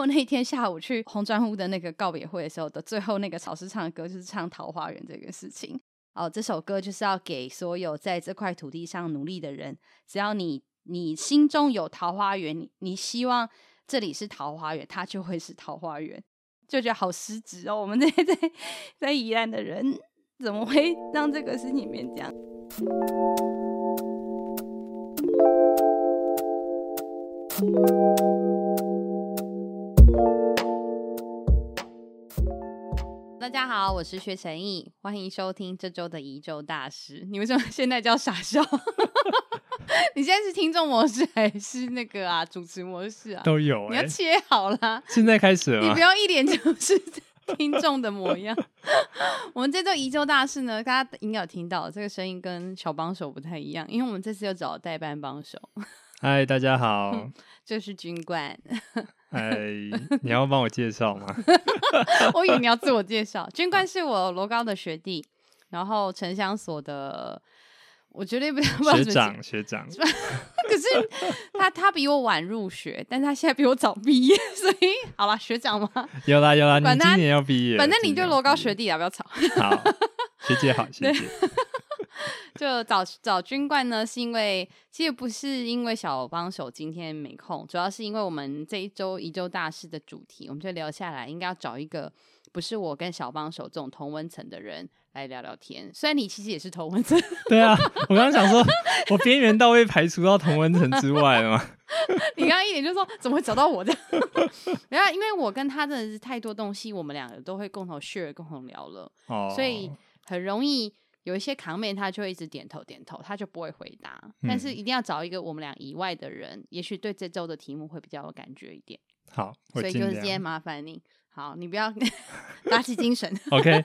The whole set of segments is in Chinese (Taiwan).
我那天下午去紅磚屋的那個告別會的時候的最後那個老師唱的歌就是唱《桃花源》這個事情。哦，這首歌就是要給所有在這塊土地上努力的人，只要你你心中有桃花源你，你希望這裡是桃花源，它就會是桃花源。就覺得好失職哦，我們這些在在，在宜蘭的人，怎麼會讓這個事情變這樣？嗯大家好，我是薛成毅，歡迎收聽這周的宜週大事。你為什麼現在叫傻笑？ 你現在是聽眾模式還是那個啊主持模式啊？都有、欸，你要切好啦。現在開始了，你不要一臉就是聽眾的模樣。 我們這周宜週大事呢，大家應該有聽到這個聲音跟小幫手不太一樣，因為我們這次又找了代班幫手。嗨， 大家好，這 是鈞冠。 哎，你要幫我介紹嗎？ 我以為你要自我介紹。鈞冠是我羅高的學弟，啊、然後城鄉所的，我絕對不要學長學長。學長 可是他他比我晚入學，但他現在比我早畢業，所以好啦，學長嗎？有啦有啦，有啦來你今年要畢業，反正你對羅高學弟啊不要吵。好，學姐好學姐。就找找鈞冠呢，是因為其實不是因為小幫手今天沒空，主要是因為我們這一周一周大事的主題，我們就聊下來，應該要找一個不是我跟小幫手這種同溫層的人來聊聊天。雖然你其實也是同溫層，對啊，我剛剛想說， 我邊緣到位，排除到同溫層之外了嗎？ 你剛剛一點就說，怎麼會找到我這樣？然 後因為我跟他真的是太多東西，我們兩個都會共同 share、共同聊了，oh. 所以很容易。有一些扛妹，他就會一直點頭點頭，他就不會回答。但是一定要找一個我們倆以外的人，嗯、也許對這周的題目會比較有感覺一點。好，所以就是今天麻煩你，好，你不要打起 精神。OK，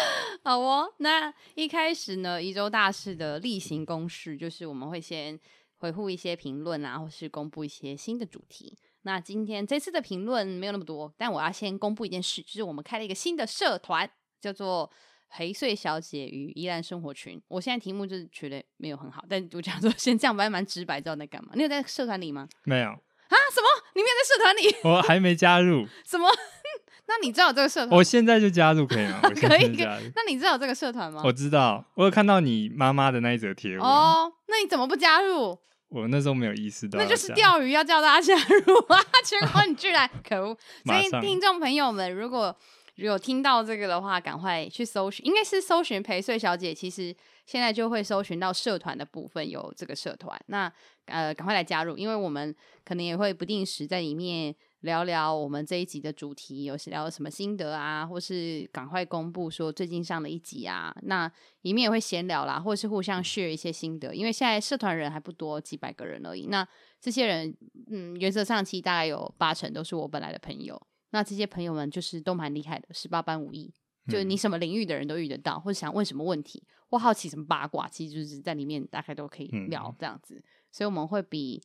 好哦。那一開始呢，宜週大事的例行公事就是我們會先回覆一些評論啊，或是公布一些新的主題。那今天這次的評論沒有那麼多，但我要先公布一件事，就是我們開了一個新的社團，叫做。陪隧小姐與宜蘭生活群，我現在題目就是覺得沒有很好，但我講說先這樣，我還蠻直白，知道你在幹嘛。你有在社團裡嗎？沒有啊？什麼？你沒有在社團裡？我還沒加入。什麼？ 那你知道我這個社團？我現在就加入可以嗎？可以。那你知道我這個社團嗎？我知道，我有看到你媽媽的那一則帖。哦，oh, 那你怎麼不加入？我那時候沒有意思的。那就是釣魚，要叫大家加入啊！全 國，你居然可惡！所以上聽眾朋友們，如果如果聽到這個的話，趕快去搜尋，應該是搜尋陪睡小姐。其實現在就會搜尋到社團的部分，有這個社團，那呃，趕快來加入，因為我們可能也會不定時在裡面聊聊我們這一集的主題，有些聊了什麼心得啊，或是趕快公布說最近上的一集啊，那裡面也會閒聊啦，或是互相 share 一些心得，因為現在社團人還不多，幾百個人而已。那這些人，嗯，原則上期大概有八成都是我本來的朋友。那這些朋友們就是都蠻厲害的，十八般武藝，就是你什麼領域的人都遇得到，嗯、或者想問什麼問題，或好奇什麼八卦，其實就是在裡面大概都可以聊這樣子。嗯、所以我們會比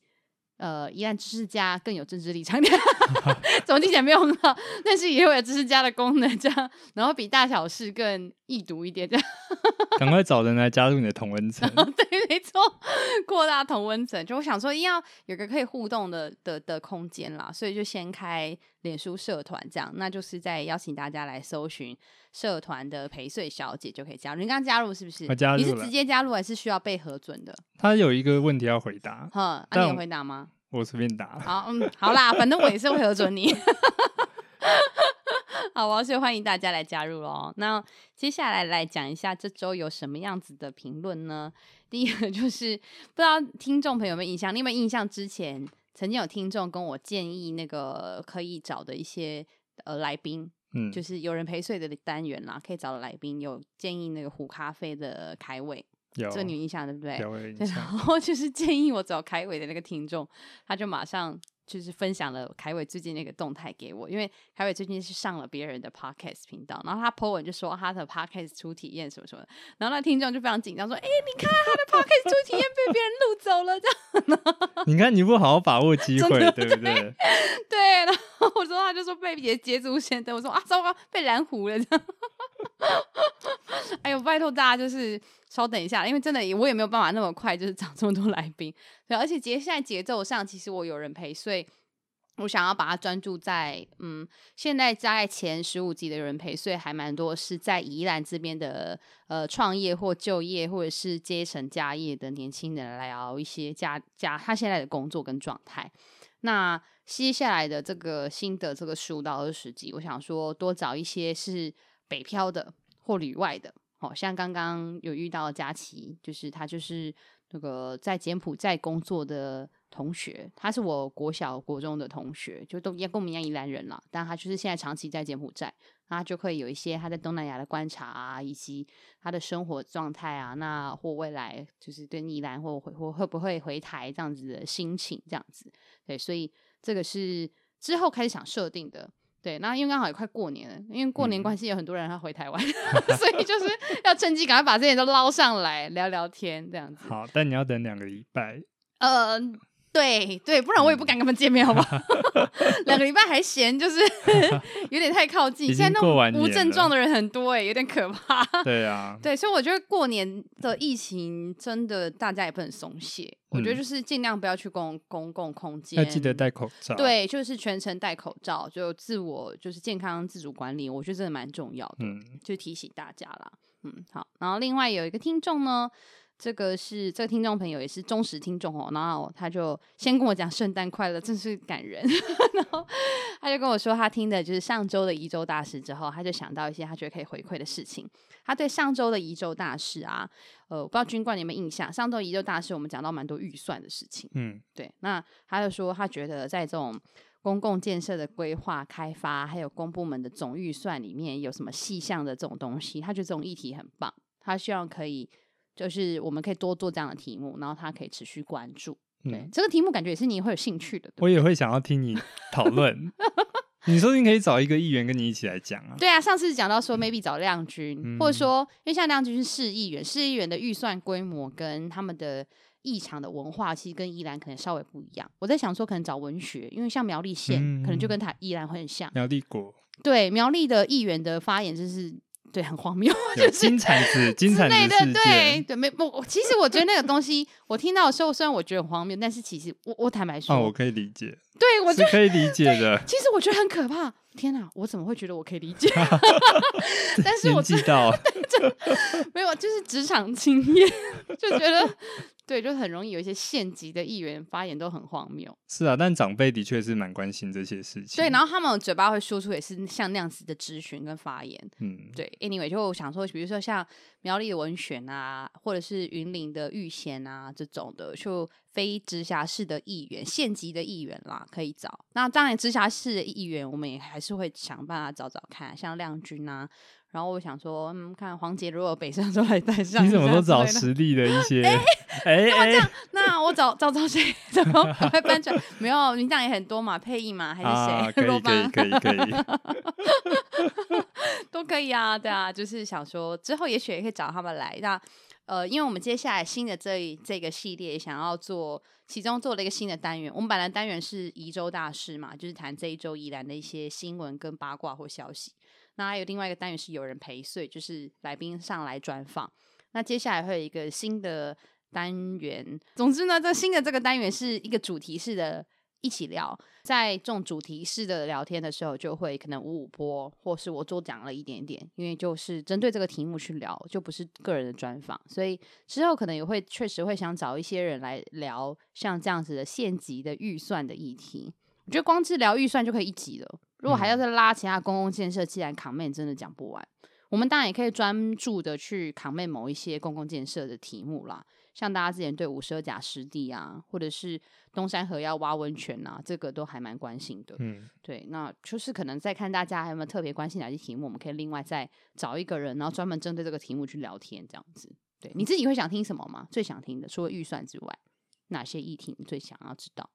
呃宜蘭知識家更有政治立場一點，總體聽起來沒有用到，但是也有知識家的功能，這樣然後比大小事更。易讀一點，趕快找人來加入你的同溫層 哦。對，沒錯，擴大同溫層。就我想說，一定要有個可以互動的的的空間啦，所以就先開臉書社團這樣。那就是在邀請大家來搜尋社團的陪隧小姐就可以加入。你剛加入是不是？你是直接加入還是需要被核准的？他有一個問題要回答。哼，讓、啊、我你有回答嗎？我隨便答。好，嗯，好啦， 反正我也是會核准你。 好，所以歡迎大家來加入嘍。那接下來來講一下這周有什麼樣子的評論呢？第一個就是不知道聽眾朋友們有沒有印象？你有沒有印象，之前曾經有聽眾跟我建議，那個可以找的一些呃來賓，嗯，就是有人陪睡的單元啦，可以找的來賓，有建議那個壺咖啡的凱偉，有這有印象對不對？有有，然後就是建議我找凱偉的那個聽眾，他就馬上。就是分享了凱偉最近那個動態給我，因為凱偉最近是上了別人的 podcast 頻道，然後他 po 文就說他的 podcast 初體驗什麼什麼，然後那聽眾就非常緊張說：“哎，你看他的 podcast 初體驗被別人錄走了，這樣呢？你看你不好好把握機會，對不對？對，對，然後我說他就說被別人捷足先登，我說啊，糟糕，被攔胡了，這樣。哎呦，拜託大家就是。”稍等一下，因為真的我也沒有辦法那麼快，就是找這麼多來賓。對，而且接現在節奏上，其實我有人陪，所以我想要把它專注在嗯，現在在前十五集的人陪，所以還蠻多是在宜蘭這邊的呃創業或就業或者是接承家業的年輕人來聊一些家家他現在的工作跟狀態。那接下來的這個新的這個十五到二十集，我想說多找一些是北漂的或旅外的。好、哦、像剛剛有遇到佳琪，就是他就是那個在柬埔寨工作的同學，他是我國小國中的同學，就都也跟我們一樣宜蘭人啦，但他就是現在長期在柬埔寨，那他就會有一些他在東南亞的觀察啊，以及他的生活狀態啊，那或未來就是對宜蘭或回或會不會回台這樣子的心情，這樣子。對，所以這個是之後開始想設定的。對，那因為剛好也快過年了，因為過年關係有很多人要回台灣，嗯、 所以就是要趁機趕快把這些都撈上來聊聊天，這樣子。好，但你要等兩個禮拜。嗯、呃。對對，不然我也不敢跟他們見面，好不好？兩個禮拜還嫌就是 有點太靠近。現在那種無症狀的人很多，欸，哎，有點可怕。對啊，對，所以我覺得過年的疫情真的大家也不能鬆懈。嗯、我覺得就是盡量不要去公公共空間，要記得戴口罩。對，就是全程戴口罩，就自我就是健康自主管理，我覺得真的蠻重要的。嗯，就提醒大家啦。嗯，好。然後另外有一個聽眾呢。這個是這個聽眾朋友也是忠實聽眾哦，然後他就先跟我講聖誕快樂，真是感人。 然後他就跟我說，他聽的就是上周的宜週大事之後，他就想到一些他覺得可以回饋的事情。他對上周的宜週大事啊，呃，我不知道鈞冠有沒有印象，上周宜週大事我們講到蠻多預算的事情，嗯，對。那他就說，他覺得在這種公共建設的規劃、開發，還有公部門的總預算裡面，有什麼細項的這種東西，他覺得這種議題很棒，他希望可以。就是我們可以多做這樣的題目，然後他可以持續關注。對、嗯、這個題目，感覺也是你會有興趣的。對對我也會想要聽你討論。 你說你可以找一個議員跟你一起來講啊？對啊，上次講到說，maybe 找亮君、嗯、或者說，因為像亮君是市議員，市議員的預算規模跟他們的議場的文化，其實跟宜蘭可能稍微不一樣。我在想說，可能找文學，因為像苗栗縣，嗯嗯可能就跟他宜蘭會很像。苗栗國對苗栗的議員的發言就是。對，很荒謬，就是精彩質 的精彩質對對對，沒我我其實我覺得那個東西， 我聽到的時候，雖然我覺得很荒謬，但是其實我我坦白說、啊，我可以理解，對，我覺得是可以理解的。其實我覺得很可怕。天吶、啊，我怎麼會覺得我可以理解？ 但是我知道，的、啊、 沒有，就是職場經驗就覺得，對，就很容易有一些縣級的議員發言都很荒謬。是啊，但長輩的確是蠻關心這些事情。對，然後他們嘴巴會說出也是像那樣子的質詢跟發言。嗯，對。Anyway，就想說，比如說像苗栗的文選啊，或者是雲林的玉賢啊這種的，就非直轄市的議員、縣級的議員啦，可以找。那當然，直轄市的議員我們也還。還是會想辦法找找看，像亮君啊，然後我想說，嗯，看黃傑如果北上都來帶上，你怎麼都找實力的一些？哎哎、欸，那我找 找找誰？怎麼會搬出來？沒有，你這樣也很多嘛，配音嘛，還是誰、啊？可以班可以，可以，可以 都可以啊，對啊，就是想說之後也許也可以找他們來。那呃，因為我們接下來新的這一這個系列想要做。其中做了一個新的單元，我們本來單元是宜週大事嘛，就是談這一周宜蘭的一些新聞跟八卦或消息。那還有另外一個單元是有人陪睡，就是來賓上來專訪。那接下來會有一個新的單元，總之呢，這新的這個單元是一個主題式的。一起聊，在這種主題式的聊天的時候，就會可能五五波或是我多講了一點點，因為就是針對這個題目去聊，就不是個人的專訪，所以之後可能也會確實會想找一些人來聊，像這樣子的縣級的預算的議題，我覺得光是聊預算就可以一集了，如果還要再拉其他公共建設，既然 comment 真的講不完，我們當然也可以專注的去 comment 某一些公共建設的題目啦。像大家之前對五十二甲濕地啊，或者是東山河要挖溫泉啊，這個都還蠻關心的。嗯，對，那就是可能在看大家還有沒有特別關心哪些題目，我們可以另外再找一個人，然後專門針對這個題目去聊天這樣子。對，你自己會想聽什麼嗎？最想聽的，除了預算之外，哪些議題你最想要知道？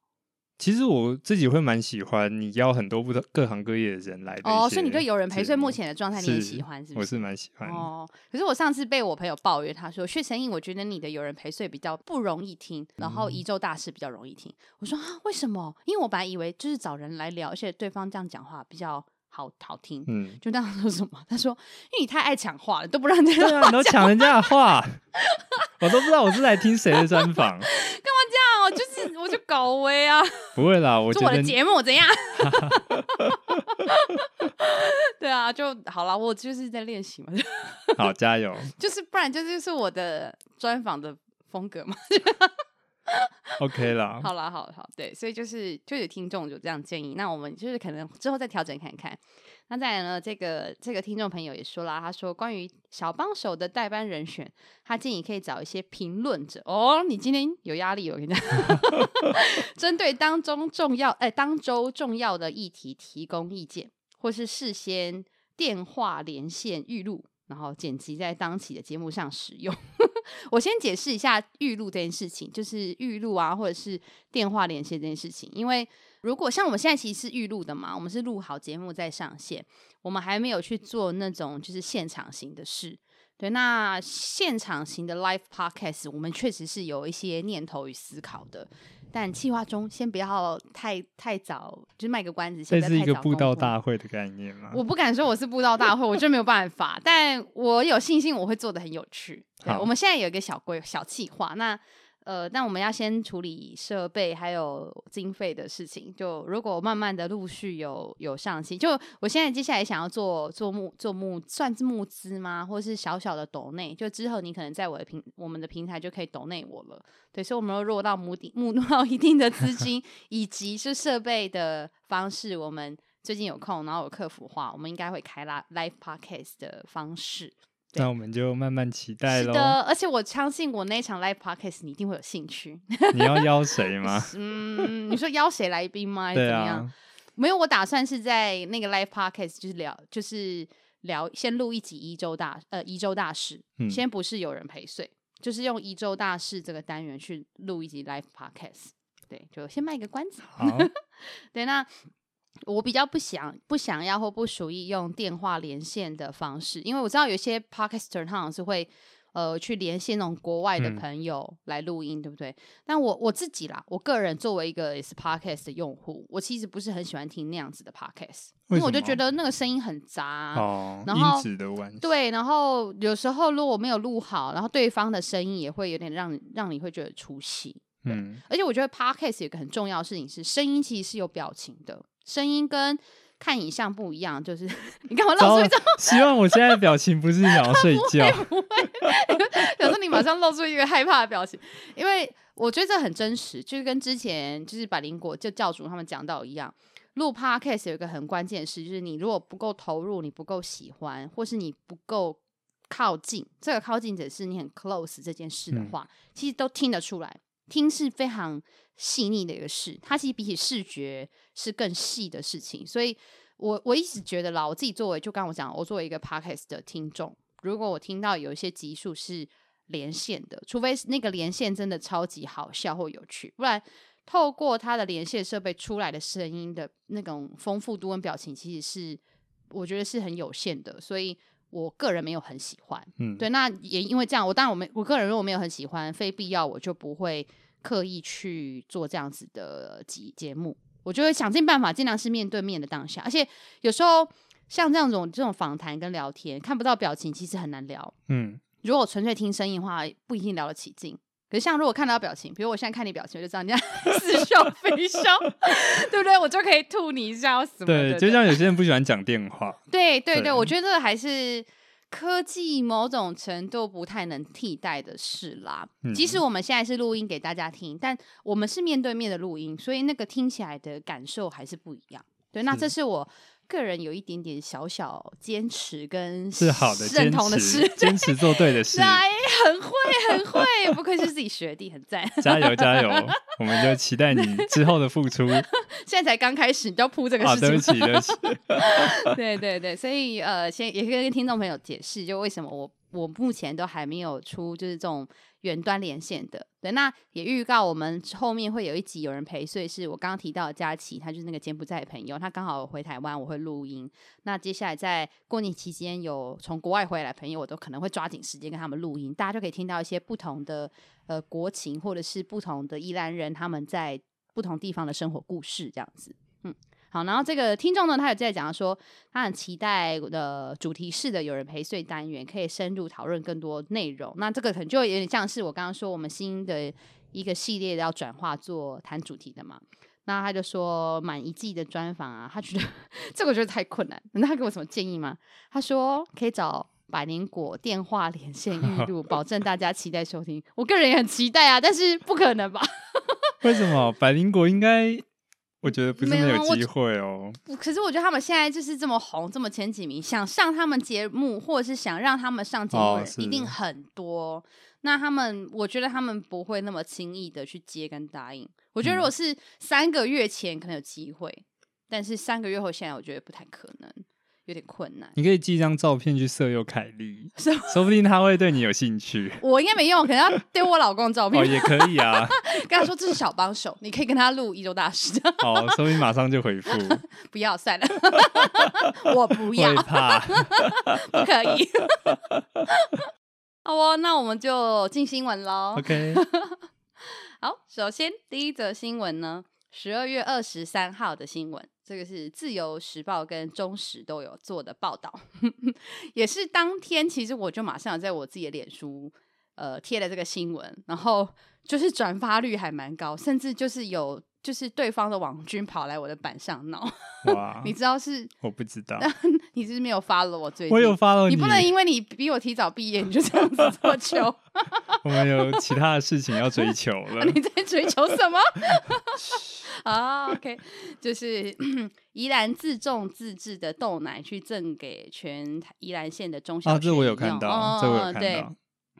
其實我自己會蠻喜歡你邀很多不同各行各業的人來的哦，所以你對有人陪睡目前的狀態你也喜歡是？是不是？我是蠻喜歡哦。可是我上次被我朋友抱怨，因為他說薛神印，我覺得你的有人陪睡比較不容易聽，然後宜週大事比較容易聽。嗯、我說啊，為什麼？因為我本來以為就是找人來聊，而且對方這樣講話比較好好聽。嗯，就那樣說什麼？他說因為你太愛搶話了，都不讓人家話講話。對啊，你都搶人家的話， 我都不知道我是來聽誰的專訪。 就搞威啊！不會啦，我覺得是我的節目怎樣？啊 對啊，就好啦，我就是在練習嘛。好， 加油！就是不然就是我的專訪的風格嘛。 OK 了啦，好啦，好好對，所以就是就有聽眾有這樣建議，那我們就是可能之後再調整看看。那再來呢，這個這個聽眾朋友也說了，他說關於小幫手的代班人選，他建議可以找一些評論者哦。你今天有壓力、哦，我跟你講，針 對當中重要哎、欸、當週重要的議題提供意見，或是事先電話連線預錄，然後剪輯在當期的節目上使用。我先解釋一下預錄這件事情，就是預錄啊，或者是電話連線這件事情。因為如果像我們現在其實是預錄的嘛，我們是錄好節目再上線，我們還沒有去做那種就是現場型的事。對，那現場型的 live podcast，我們確實是有一些念頭與思考的。但企劃中，先不要太太早，就是賣個關子。先不要太早這是一個布道大會的概念嗎？我不敢說我是布道大會，我真沒有辦法。 但我有信心，我會做得很有趣。好，我們現在有一個小規小企劃。那。呃，但我們要先處理設備還有經費的事情。就如果慢慢的陸續有有上新，就我現在接下來想要做做募做募算是募資嗎？或是小小的抖內？就之後你可能在我的平我們的平台就可以抖內我了。對，所以我們要落到目的募到一定的資金，以及是設備的方式。 我們最近有空，然後有客服的話，我們應該會開拉 live podcast 的方式。對那我們就慢慢期待嘍。是的，而且我相信我那一場 live podcast 你一定會有興趣。你要邀誰嗎？？ 嗯，你說邀誰來賓嗎？ 對、啊、怎麼樣沒有，我打算是在那個 live podcast 就是聊，就是聊先錄一集宜週大呃宜週大事，嗯、先不是有人陪隧，就是用宜週大事這個單元去錄一集 live podcast。對，就先賣一個關子。好， 對，那。我比較不想不想要或不屬意用電話連線的方式，因為我知道有些 podcaster 他好像是會呃去連線那種國外的朋友來錄音，嗯、對不對？但我我自己啦，我個人作為一個也是 podcast 的用戶，我其實不是很喜歡聽那樣子的 podcast，因為我就覺得那個聲音很雜，哦，然後對，然後有時候如果我沒有錄好，然後對方的聲音也會有點讓你讓你會覺得出戲。嗯，而且我覺得 podcast 有一個很重要的事情是，聲音其實是有表情的。聲音跟看影像不一樣，就是你幹嘛露出一張？希望我現在的表情不是想要睡覺。不會不會。想說你馬上露出一個害怕的表情，因為我覺得這很真實，就是跟之前就是百靈果就教主他們講到一樣，錄 podcast 有一個很關鍵的事，就是你如果不夠投入，你不夠喜歡，或是你不夠靠近，這個靠近者是你很 close 這件事的話，嗯、其實都聽得出來。聽是非常細膩的一個事，它其實比起視覺是更細的事情，所以我我一直覺得啦，我自己作為就剛剛我講，我作為一個 podcast 的聽眾，如果我聽到有一些集數是連線的，除非是那個連線真的超級好笑或有趣，不然透過它的連線設備出來的聲音的那種豐富度跟表情，其實是我覺得是很有限的，所以。我個人沒有很喜歡，嗯，對，那也因為這樣，我當然我沒，我個人如果沒有很喜歡，非必要我就不會刻意去做這樣子的節節目，我就會想盡辦法盡量是面對面的當下，而且有時候像這樣種這種訪談跟聊天看不到表情，其實很難聊，嗯，如果純粹聽聲音的話，不一定聊得起勁。可是像如果看到表情，比如我現在看你表情，我就知道你在似笑非笑，對不對？我就可以吐你一下，什麼的，對？就像有些人不喜歡講電話，對對對，對我覺得這個還是科技某種程度不太能替代的事啦。嗯，即使我們現在是錄音給大家聽，但我們是面對面的錄音，所以那個聽起來的感受還是不一樣。對，那這是我。是個人有一點點小小堅持跟正事是好的，認同的事，堅 對持做對的事，很會很會，不愧是自己學弟，很讚，加油加油， 我們就期待你之後的付出。對 現在才剛開始，你就鋪這個事情，對不起對不起，對不起 對對對，所以呃，先也可以跟聽眾朋友解釋，就為什麼我。我目前都還沒有出，就是這種遠端連線的。對，那也預告我們後面會有一集有人陪，所以是我剛剛提到的佳琪，他就是那個柬埔寨朋友，他剛好回台灣，我會錄音。那接下來在過年期間有從國外回來朋友，我都可能會抓緊時間跟他們錄音，大家就可以聽到一些不同的呃國情，或者是不同的宜蘭人他們在不同地方的生活故事這樣子。好，然後這個聽眾呢，他有在講說，他很期待的、呃、主題式的有人陪睡單元，可以深入討論更多內容。那這個可能就有點像是我剛剛說我們新的一個系列的要轉化做談主題的嘛。那他就說滿一季的專訪啊，他覺得這個我覺得太困難。那他給我什麼建議嗎？他說可以找百靈果電話連線預錄， 保證大家期待收聽。我個人也很期待啊，但是不可能吧？ 為什麼？百靈果應該。我覺得不是沒有機會哦。可是我覺得他們現在就是這麼紅，這麼前幾名，想上他們節目，或者是想讓他們上節目，哦、一定很多。那他們，我覺得他們不會那麼輕易的去接跟答應。我覺得如果是三個月前可能有機會，嗯、但是三個月後現在，我覺得不太可能。有點困難，你可以寄一張照片去色誘凱莉，嗎說不定她會對你有興趣。我應該沒用，可能要丟我老公照片。哦，也可以啊， 跟他說這是小幫手，你可以跟他錄一週大事。哦好， 說不定馬上就回復。 不要算了， 我不要，怕 不可以。 好，那我們就進新聞嘍。OK， 好，首先第一則新聞呢，十二月二十三號的新聞。這個是自由時報跟中時都有做的報道， 也是當天，其實我就馬上在我自己的臉書呃貼了這個新聞，然後就是轉發率還蠻高，甚至就是有。就是對方的網軍跑來我的板上鬧，哇 你知道是？我不知道， 你是，不是沒有發 o 我最近？我有 f o 你，你不能因為你比我提早畢業，你就這樣子求。 我們有其他的事情要追求了。 啊、你在追求什麼？啊、 oh,，OK，就是咦宜蘭自種自製的豆奶去贈給全宜蘭縣的中心學。啊，這我有看到，嗯、這到對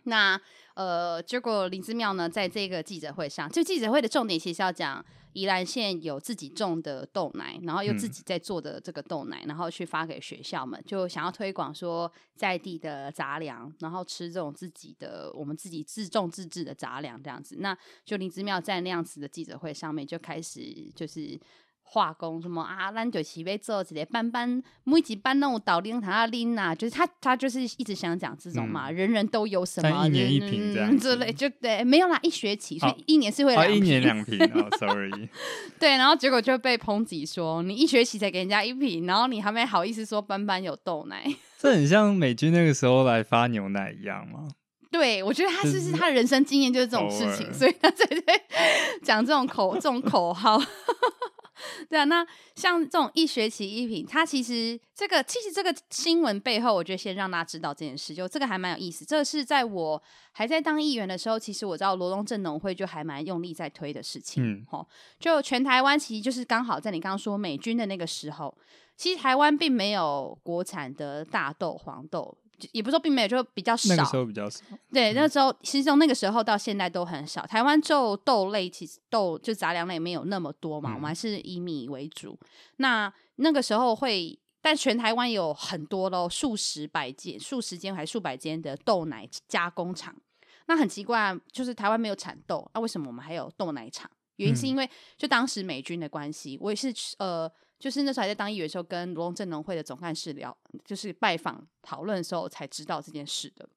那呃，結果林智妙呢，在這個記者會上，就記者會的重點其實要講。宜蘭縣有自己種的豆奶，然後又自己在做的這個豆奶，嗯、然後去發給學校們，就想要推廣說在地的雜糧，然後吃這種自己的我們自己自種自製的雜糧這樣子。那就林姿妙在那樣子的記者會上面就開始就是。化工什麼啊？蘭州奇杯做的班班每集班那種倒領他阿領娜，就是他他就是一直想講這種嘛，嗯、人人都有什麼，一年一瓶這樣之類，就對，沒有啦，一學期所以一年是會來、啊、一年兩瓶。 哦、sorry，對，然後結果就被抨擊說你一學期才給人家一瓶，然後你還沒好意思說班班有豆奶，這很像美軍那個時候來發牛奶一樣嗎？對，我覺得他是不是他人生經驗就是這種事情，所以他才在講這種口 這種口號。 對啊，那像這種一學期一瓶，它其實這個其實這個新聞背後，我覺得先讓大家知道這件事，就這個還蠻有意思。這是在我還在當議員的時候，其實我知道羅東鎮農會就還蠻用力在推的事情，嗯，齁，就全台灣其實就是剛好在你剛剛說美軍的那個時候，其實台灣並沒有國產的大豆、黃豆，也不是說並沒有，就比較少。那時候比較少，對，嗯、那時候其實從那個時候到現在都很少。台灣就豆類其實豆就雜糧類沒有那麼多嘛，嗯、我們還是以米為主。那那個時候會，但全台灣有很多咯，數十百間、數十間還數百間的豆奶加工廠。那很奇怪、啊，就是台灣沒有產豆，那、啊、為什麼我們還有豆奶廠？原因是因為、嗯、就當時美軍的關係，我也是呃。就是那時候還在當議員的時候，跟羅東鎮農會的總幹事聊，就是拜訪討論的時候才知道這件事的。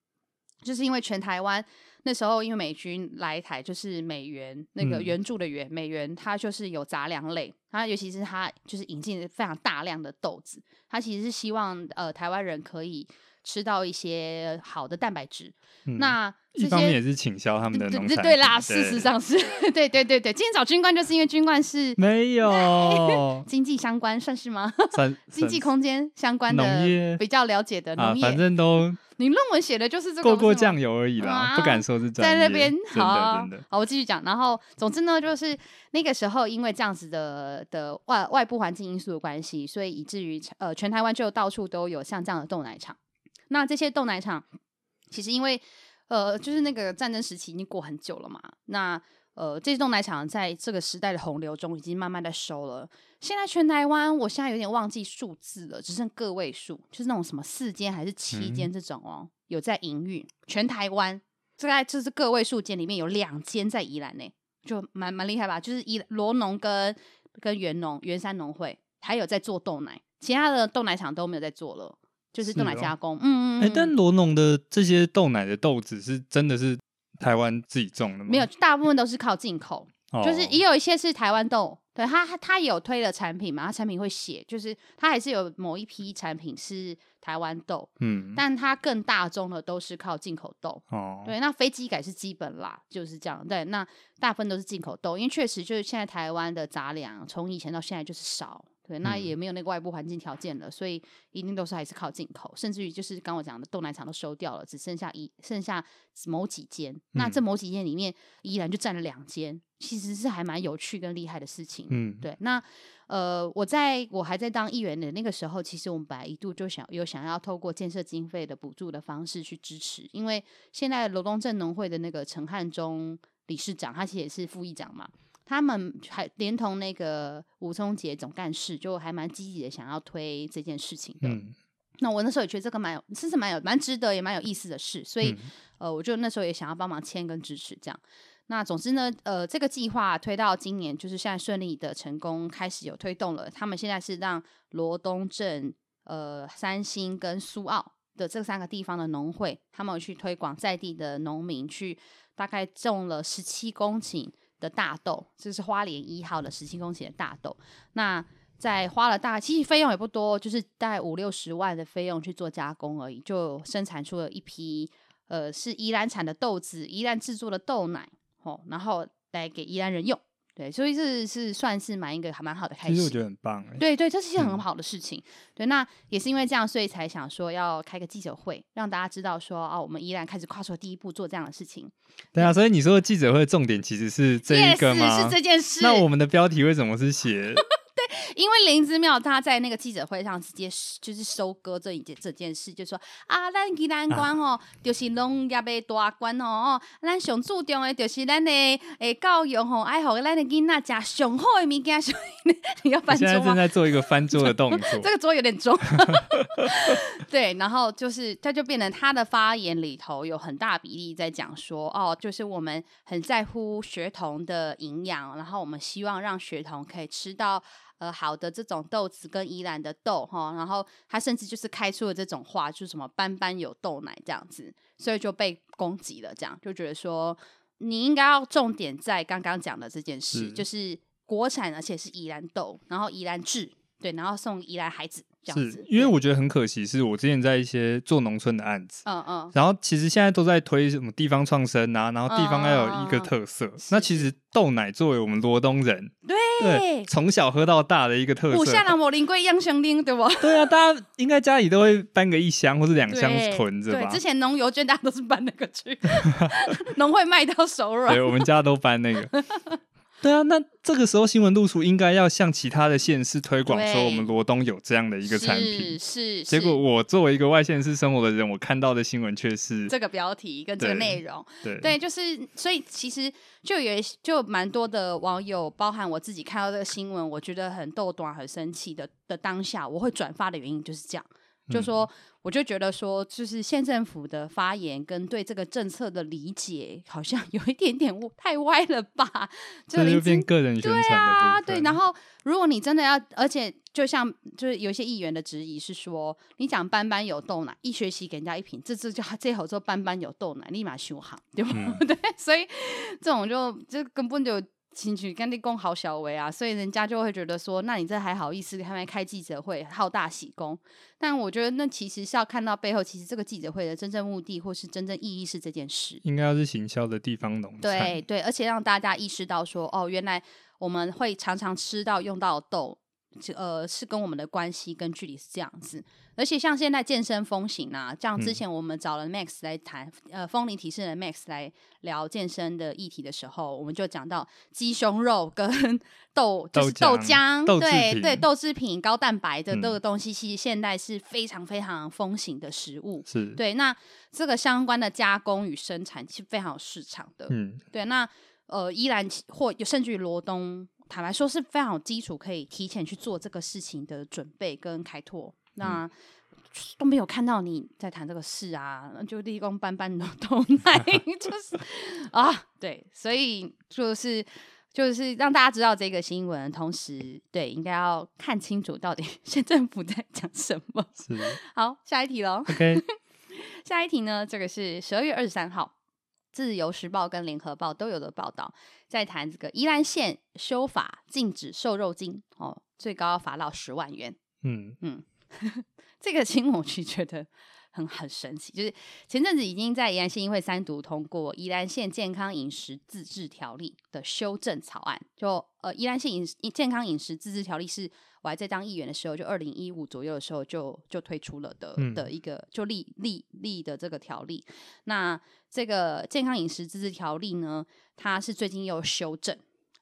就是因為全台灣那時候因為美軍來台，就是美元那個援助的元，嗯、美元它就是有雜糧類，它尤其是它就是引進非常大量的豆子，它其實是希望呃台灣人可以。吃到一些好的蛋白質，那這方面也是傾銷他們的農對對啦，事實上是，對對對對，今天找鈞冠就是因為鈞冠是沒有經濟相關，算是嗎？經濟空間相關的比較了解的農業，反正都你論文寫的就是這個，過過醬油而已啦，不敢說是在那邊好。好，我繼續講。然後總之呢，就是那個時候因為這樣子的的外外部環境因素的關係，所以以至於呃全台灣就到處都有像這樣的豆奶廠。那這些豆奶廠，其實因為，呃，就是那個戰爭時期已經過很久了嘛。那呃，這些豆奶廠在這個時代的洪流中，已經慢慢在收了。現在全台灣，我現在有點忘記數字了，只剩個位數，就是那種什麼四間還是七間這種哦，嗯、有在營運。全台灣大概就是個位數間裡面有兩間在宜蘭呢，就蠻蠻厲害吧。就是宜羅農跟跟員農、員山農會還有在做豆奶，其他的豆奶廠都沒有在做了。就是豆奶加工，嗯嗯、哦，哎、欸，但羅農的這些豆奶的豆子是真的是台灣自己種的嗎？沒有，大部分都是靠進口，嗯、就是也有一些是台灣豆，對，他他有推的產品嘛，他產品會寫，就是他還是有某一批產品是台灣豆，嗯，但他更大宗的都是靠進口豆，哦、嗯，對，那非基改是基本啦，就是這樣，對，那大部分都是進口豆，因為確實就是現在台灣的雜糧從以前到現在就是少。對，嗯、那也沒有那個外部環境條件了，所以一定都是還是靠進口，甚至於就是剛我講的豆奶廠都收掉了，只剩下一剩下某幾間，嗯、那這某幾間裡面依然就占了兩間，其實是還蠻有趣跟厲害的事情。嗯、對，那呃，我在我還在當議員的那個時候，其實我們本來一度就想有想要透過建設經費的補助的方式去支持，因為現在羅東鎮農會的那個陳漢忠理事長，他其實也是副議長嘛。他們還連同那個吳松杰總幹事，就還蠻積極的，想要推這件事情的。嗯、那我那時候也覺得這個蠻有，真是蠻有蠻值得，也蠻有意思的事。所以，嗯、呃，我就那時候也想要幫忙簽跟支持這樣。那總之呢，呃，這個計劃推到今年，就是現在順利的成功開始有推動了。他們現在是讓羅東鎮、呃三星跟蘇澳的這三個地方的農會，他們有去推廣在地的農民去，大概種了十七公頃的大豆，這是花蓮一號的十七公頃的大豆，那在花了大，其實費用也不多，就是大概五六十萬的費用去做加工而已，就生產出了一批呃是宜蘭產的豆子，宜蘭製作的豆奶，哦，然後來給宜蘭人用。對，所以這是算是蠻一個還蠻好的開始，其實我覺得很棒、欸。對對，這是一件很好的事情。嗯、對，那也是因為這樣，所以才想說要開個記者會，讓大家知道說啊，我們依然開始跨出第一步做這樣的事情。對，對啊，所以你說的記者會重點其實是這一個嗎？Yes, 是這件事。那我們的標題為什麼是寫？ 因為林姿妙他在那個記者會上直接就是收割這一件這件事，就說啊，咱給咱關哦，啊、就是弄亞貝大關哦，咱上注重的就是咱的誒教育吼，愛護咱的囡仔家上好的物件。你要翻桌嗎？現在正在做一個翻桌的動作， 這個桌有點重。 對，然後就是他就變成他的發言裡頭有很大比例在講說哦，就是我們很在乎學童的營養，然後我們希望讓學童可以吃到。呃，好的，這種豆子跟宜蘭的豆哈，然後他甚至就是開出了這種花，就是什麼班班有豆奶這樣子，所以就被攻擊了，這樣就覺得說你應該要重點在剛剛講的這件事，是就是國產而且是宜蘭豆，然後宜蘭製，對，然後送宜蘭孩子。是因為我覺得很可惜，是我之前在一些做農村的案子，嗯嗯對，然後其實現在都在推什麼地方創生啊，然後地方要有一個特色，嗯、那其實豆奶作為我們羅東人，對，從小喝到大的一個特色，五下老某林貴養兄弟，對吧？對啊，大家應該家裡都會搬個一箱或是兩箱囤着吧對？對，之前農遊券大家都是搬那個去，農 會賣到手軟，對，我們家都搬那個。 對啊，那這個時候新聞露出應該要向其他的縣市推廣，說我們羅東有這樣的一個產品。是，是是結果我作為一個外縣市生活的人，我看到的新聞卻是這個標題跟這個內容。對，對，對，就是所以其實就有就蠻多的網友，包含我自己看到這個新聞，我覺得很逗短、很生氣的的當下，我會轉發的原因就是這樣。就說，我就覺得說，就是縣政府的發言跟對這個政策的理解，好像有一點點太歪了吧？就這就變個人宣傳的，對啊，對。然後，如果你真的要，而且就像就是有些議員的質疑是說，你講班班有豆奶，一學期給人家一瓶，這次就最後說班班有豆奶，立馬修好，對不、嗯、對。所以這種就這根本就。進去甘地公好小微啊，所以人家就會覺得說，那你這還好意思還來開記者會，好大喜功。但我覺得那其實是要看到背後，其實這個記者會的真正目的或是真正意義是這件事，應該要是行銷的地方農產，對對，而且讓大家意識到說，哦，原來我們會常常吃到用到豆。這呃是跟我們的關係跟距離是這樣子，而且像現在健身風行啊，像之前我們找了 Max 來談，嗯、呃，風林體適能 Max 來聊健身的議題的時候，我們就講到雞胸肉跟豆就是豆漿，豆漿、對、豆製品，對對，豆製品高蛋白的這個、嗯、東西，其實現在是非常非常風行的食物，是對。那這個相關的加工與生產是非常有市場的，嗯，對。那呃，宜蘭或有甚至於羅東。坦白說是非常有基礎，可以提前去做這個事情的準備跟開拓。那、嗯、都沒有看到你在談這個事啊，就立功班班的都來就是啊，對，所以就是就是讓大家知道這個新聞，同時對應該要看清楚到底縣政府在講什麼。是嗎？好，下一題嘍。Okay. 下一題呢？這個是十二月二十三號。自由時報跟聯合報都有的報道，在談這個宜蘭縣修法禁止瘦肉精哦，最高要罰到十萬元。嗯嗯呵呵，這個新聞我去覺得。很很神奇，就是前陣子已經在宜蘭縣議會三讀通過《宜蘭縣健康飲食自治條例》的修正草案。就呃，宜蘭縣飲食健康飲食自治條例是，我還在當議員的時候，就二零一五左右的時候就就推出了的的一個就立立立的這個條例。嗯、那這個健康飲食自治條例呢，它是最近又修正。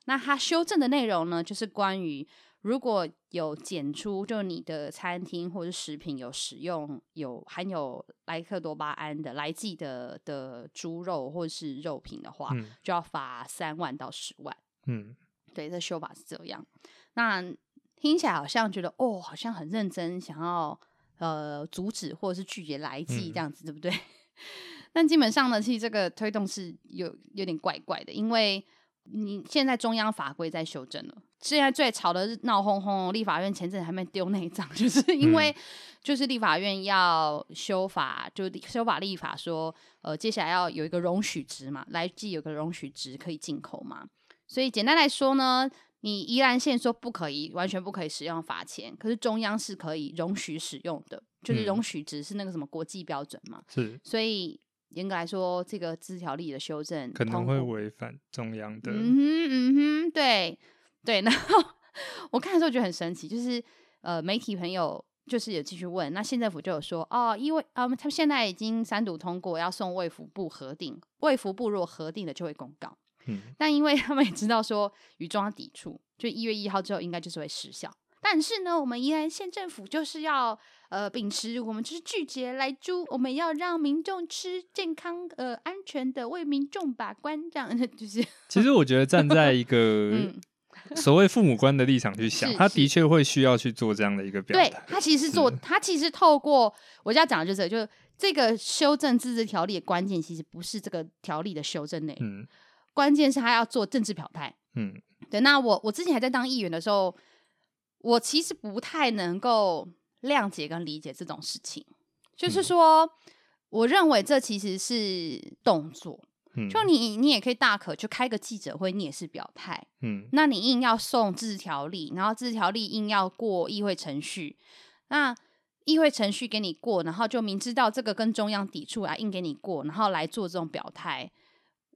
那它修正的內容呢，就是關於。如果有檢出，就你的餐廳或者是食品有使用有含有萊克多巴胺的萊劑的的豬肉或者是肉品的話，就要罰三萬到十萬。嗯，對，這修法是這樣。那聽起來好像覺得哦，好像很認真，想要呃阻止或是拒絕萊劑這樣子，嗯、對不對？但基本上呢，其實這個推動是有有點怪怪的，因為你現在中央法規在修正了。現在最吵的鬧哄哄，立法院前陣子還沒丟那一張，就是因為就是立法院要修法，就修法立法說，呃，接下來要有一個容許值嘛，來計有個容許值可以進口嘛。所以簡單來說呢，你宜蘭縣說不可以，完全不可以使用罰錢，可是中央是可以容許使用的，就是容許值是那個什麼國際標準嘛。是、嗯，所以嚴格來說，這個自治條例的修正可能會違反中央的。嗯哼嗯哼對。對，然後我看的時候覺得很神奇，就是呃，媒體朋友就是有繼續問，那縣政府就有說哦，因為、嗯、他們現在已經三讀通過要送衛福部核定，衛福部若核定的就會公告。嗯，但因為他們也知道說，與中央抵觸，就一月一號之後應該就是會失效。但是呢，我們宜蘭縣政府就是要呃秉持我們就是拒絕萊豬，我們要讓民眾吃健康呃安全的，為民眾把關這樣就是。其實我覺得站在一個、 嗯。所謂父母官的立場去想， 是他的確會需要去做這樣的一個表態。對，他其實做，是他其實透過我要講的就是、這個，就這個修正自治條例，關鍵其實不是這個條例的修正內、欸、嗯，關鍵是他要做政治表態，嗯，對。那我我之前還在當議員的時候，我其實不太能夠諒解跟理解這種事情，就是說，嗯，我認為這其實是動作。就你，你也可以大可就開個記者會，你也是表態。嗯，那你硬要送自治條例，然後自治條例硬要過議會程序，那議會程序給你過，然後就明知道這個跟中央抵觸啊，硬給你過，然後來做這種表態，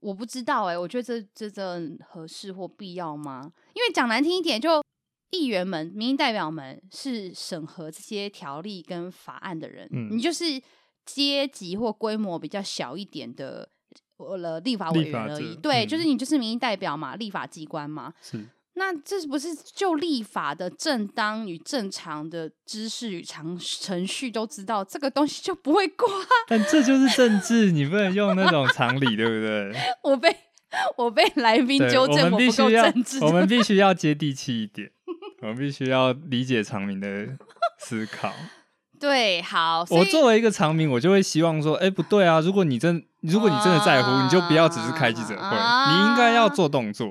我不知道哎、欸，我覺得這這這合適或必要嗎？因為講難聽一點，就議員們、民意代表們是審核這些條例跟法案的人，嗯、你就是階級或規模比較小一點的。了立法委員而已，對，就是你就是民意代表嘛，立法機關嘛。是，那這是不是就立法的正當與正常的知識與程序都知道，這個東西就不會過。但這就是政治，你不能用那種常理，對不對？我被我被來賓糾正，我不夠政治，我們必須要接地氣一點，我們必須要理解常民的思考。對，好。我作為一個縣民，我就會希望說，哎，不對啊！如果你真，如果你真的在乎，你就不要只是開記者會，你應該要做動作。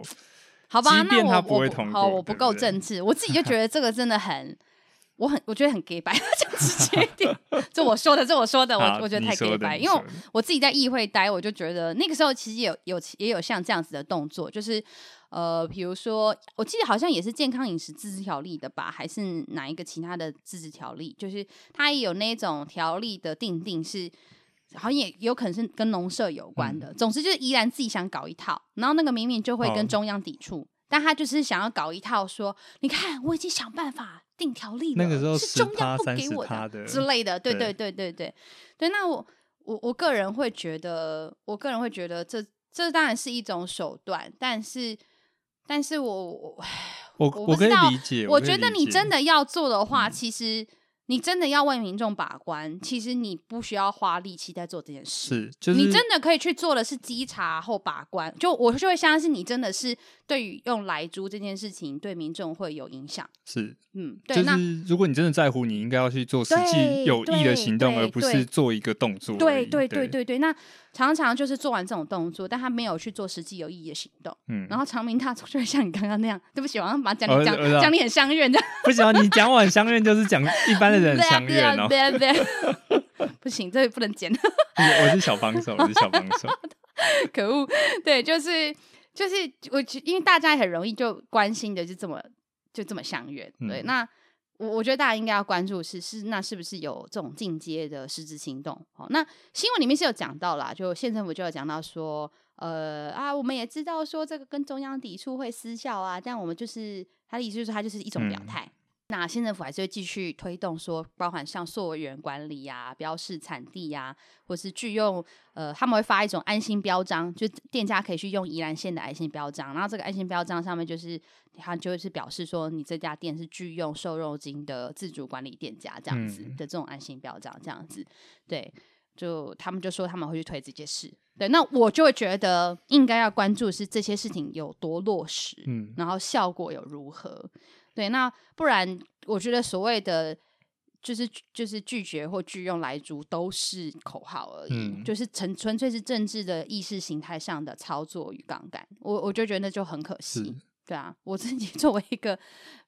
好吧，即便他不會同意。好，我不夠政治，我自己就覺得這個真的很，我很我覺得很給白，就直接點，這我說的，這我說的，我我覺得太給白，因為我自己在議會待，我就覺得那個時候其實有有也有像這樣子的動作，就是。呃，比如說，我記得好像也是健康飲食自治條例的吧，還是哪一個其他的自治條例？就是它也有那種條例的定定是，好像也有可能是跟農舍有關的。嗯、總之就是，宜蘭自己想搞一套，然後那個明明就會跟中央抵觸，哦、但他就是想要搞一套說，說你看我已經想辦法定條例了，那個時候是中央不給我的，的之類的。對對對對對對，對對那我我我個人會覺得，我個人會覺得這這當然是一種手段，但是。但是我我我，我不知道我可以理解，我覺得你真的要做的話，其實你真的要為民眾把關，嗯、其實你不需要花力氣在做這件事，是、就是、你真的可以去做的是稽查或把關，就我就會相信你真的是。對於用萊豬這件事情，對民眾會有影響。是，嗯，對就是如果你真的在乎，你應該要去做實際有益的行動，而不是做一個動作對對。對，對，對，對，對。那常常就是做完這種動作，但他沒有去做實際有意義的行動。嗯。然後長明他就會像你剛剛那樣，對不起，我馬上講你講、哦啊、講你很相認、啊、這樣不行、啊，你講我很相認就是講一般的人很相認哦、啊啊啊。不行，這也不能剪。我是小幫手，我是小幫手。可惡，對，就是。就是我覺，因為大家也很容易就關心的就，就這麼就這麼相遠，對。嗯、那我我覺得大家應該要關注是是那是不是有這種進階的實質行動？哦，那新聞裡面是有講到啦，就縣政府就有講到說，呃啊，我們也知道說這個跟中央抵觸會失效啊，但我們就是他的意思就是說，他就是一種表態。嗯那新政府還是會繼續推動說，說包含像溯源管理呀、啊、標示產地呀、啊，或是拒用，呃，他們會發一種安心標章，就店家可以去用宜蘭縣的安心標章。然後這個安心標章上面就是它就是表示說，你這家店是拒用瘦肉精的自主管理店家這樣子、嗯、的這種安心標章，這樣子對。就他們就說他們會去推這件事，對。那我就會覺得應該要關注是這些事情有多落實，嗯、然後效果又如何。對，那不然我覺得所謂的就是就是拒絕或拒用萊豬都是口號而已，嗯、就是純純粹是政治的意識形態上的操作與槓桿。我我就覺得那就很可惜，是對啊，我自己作為一個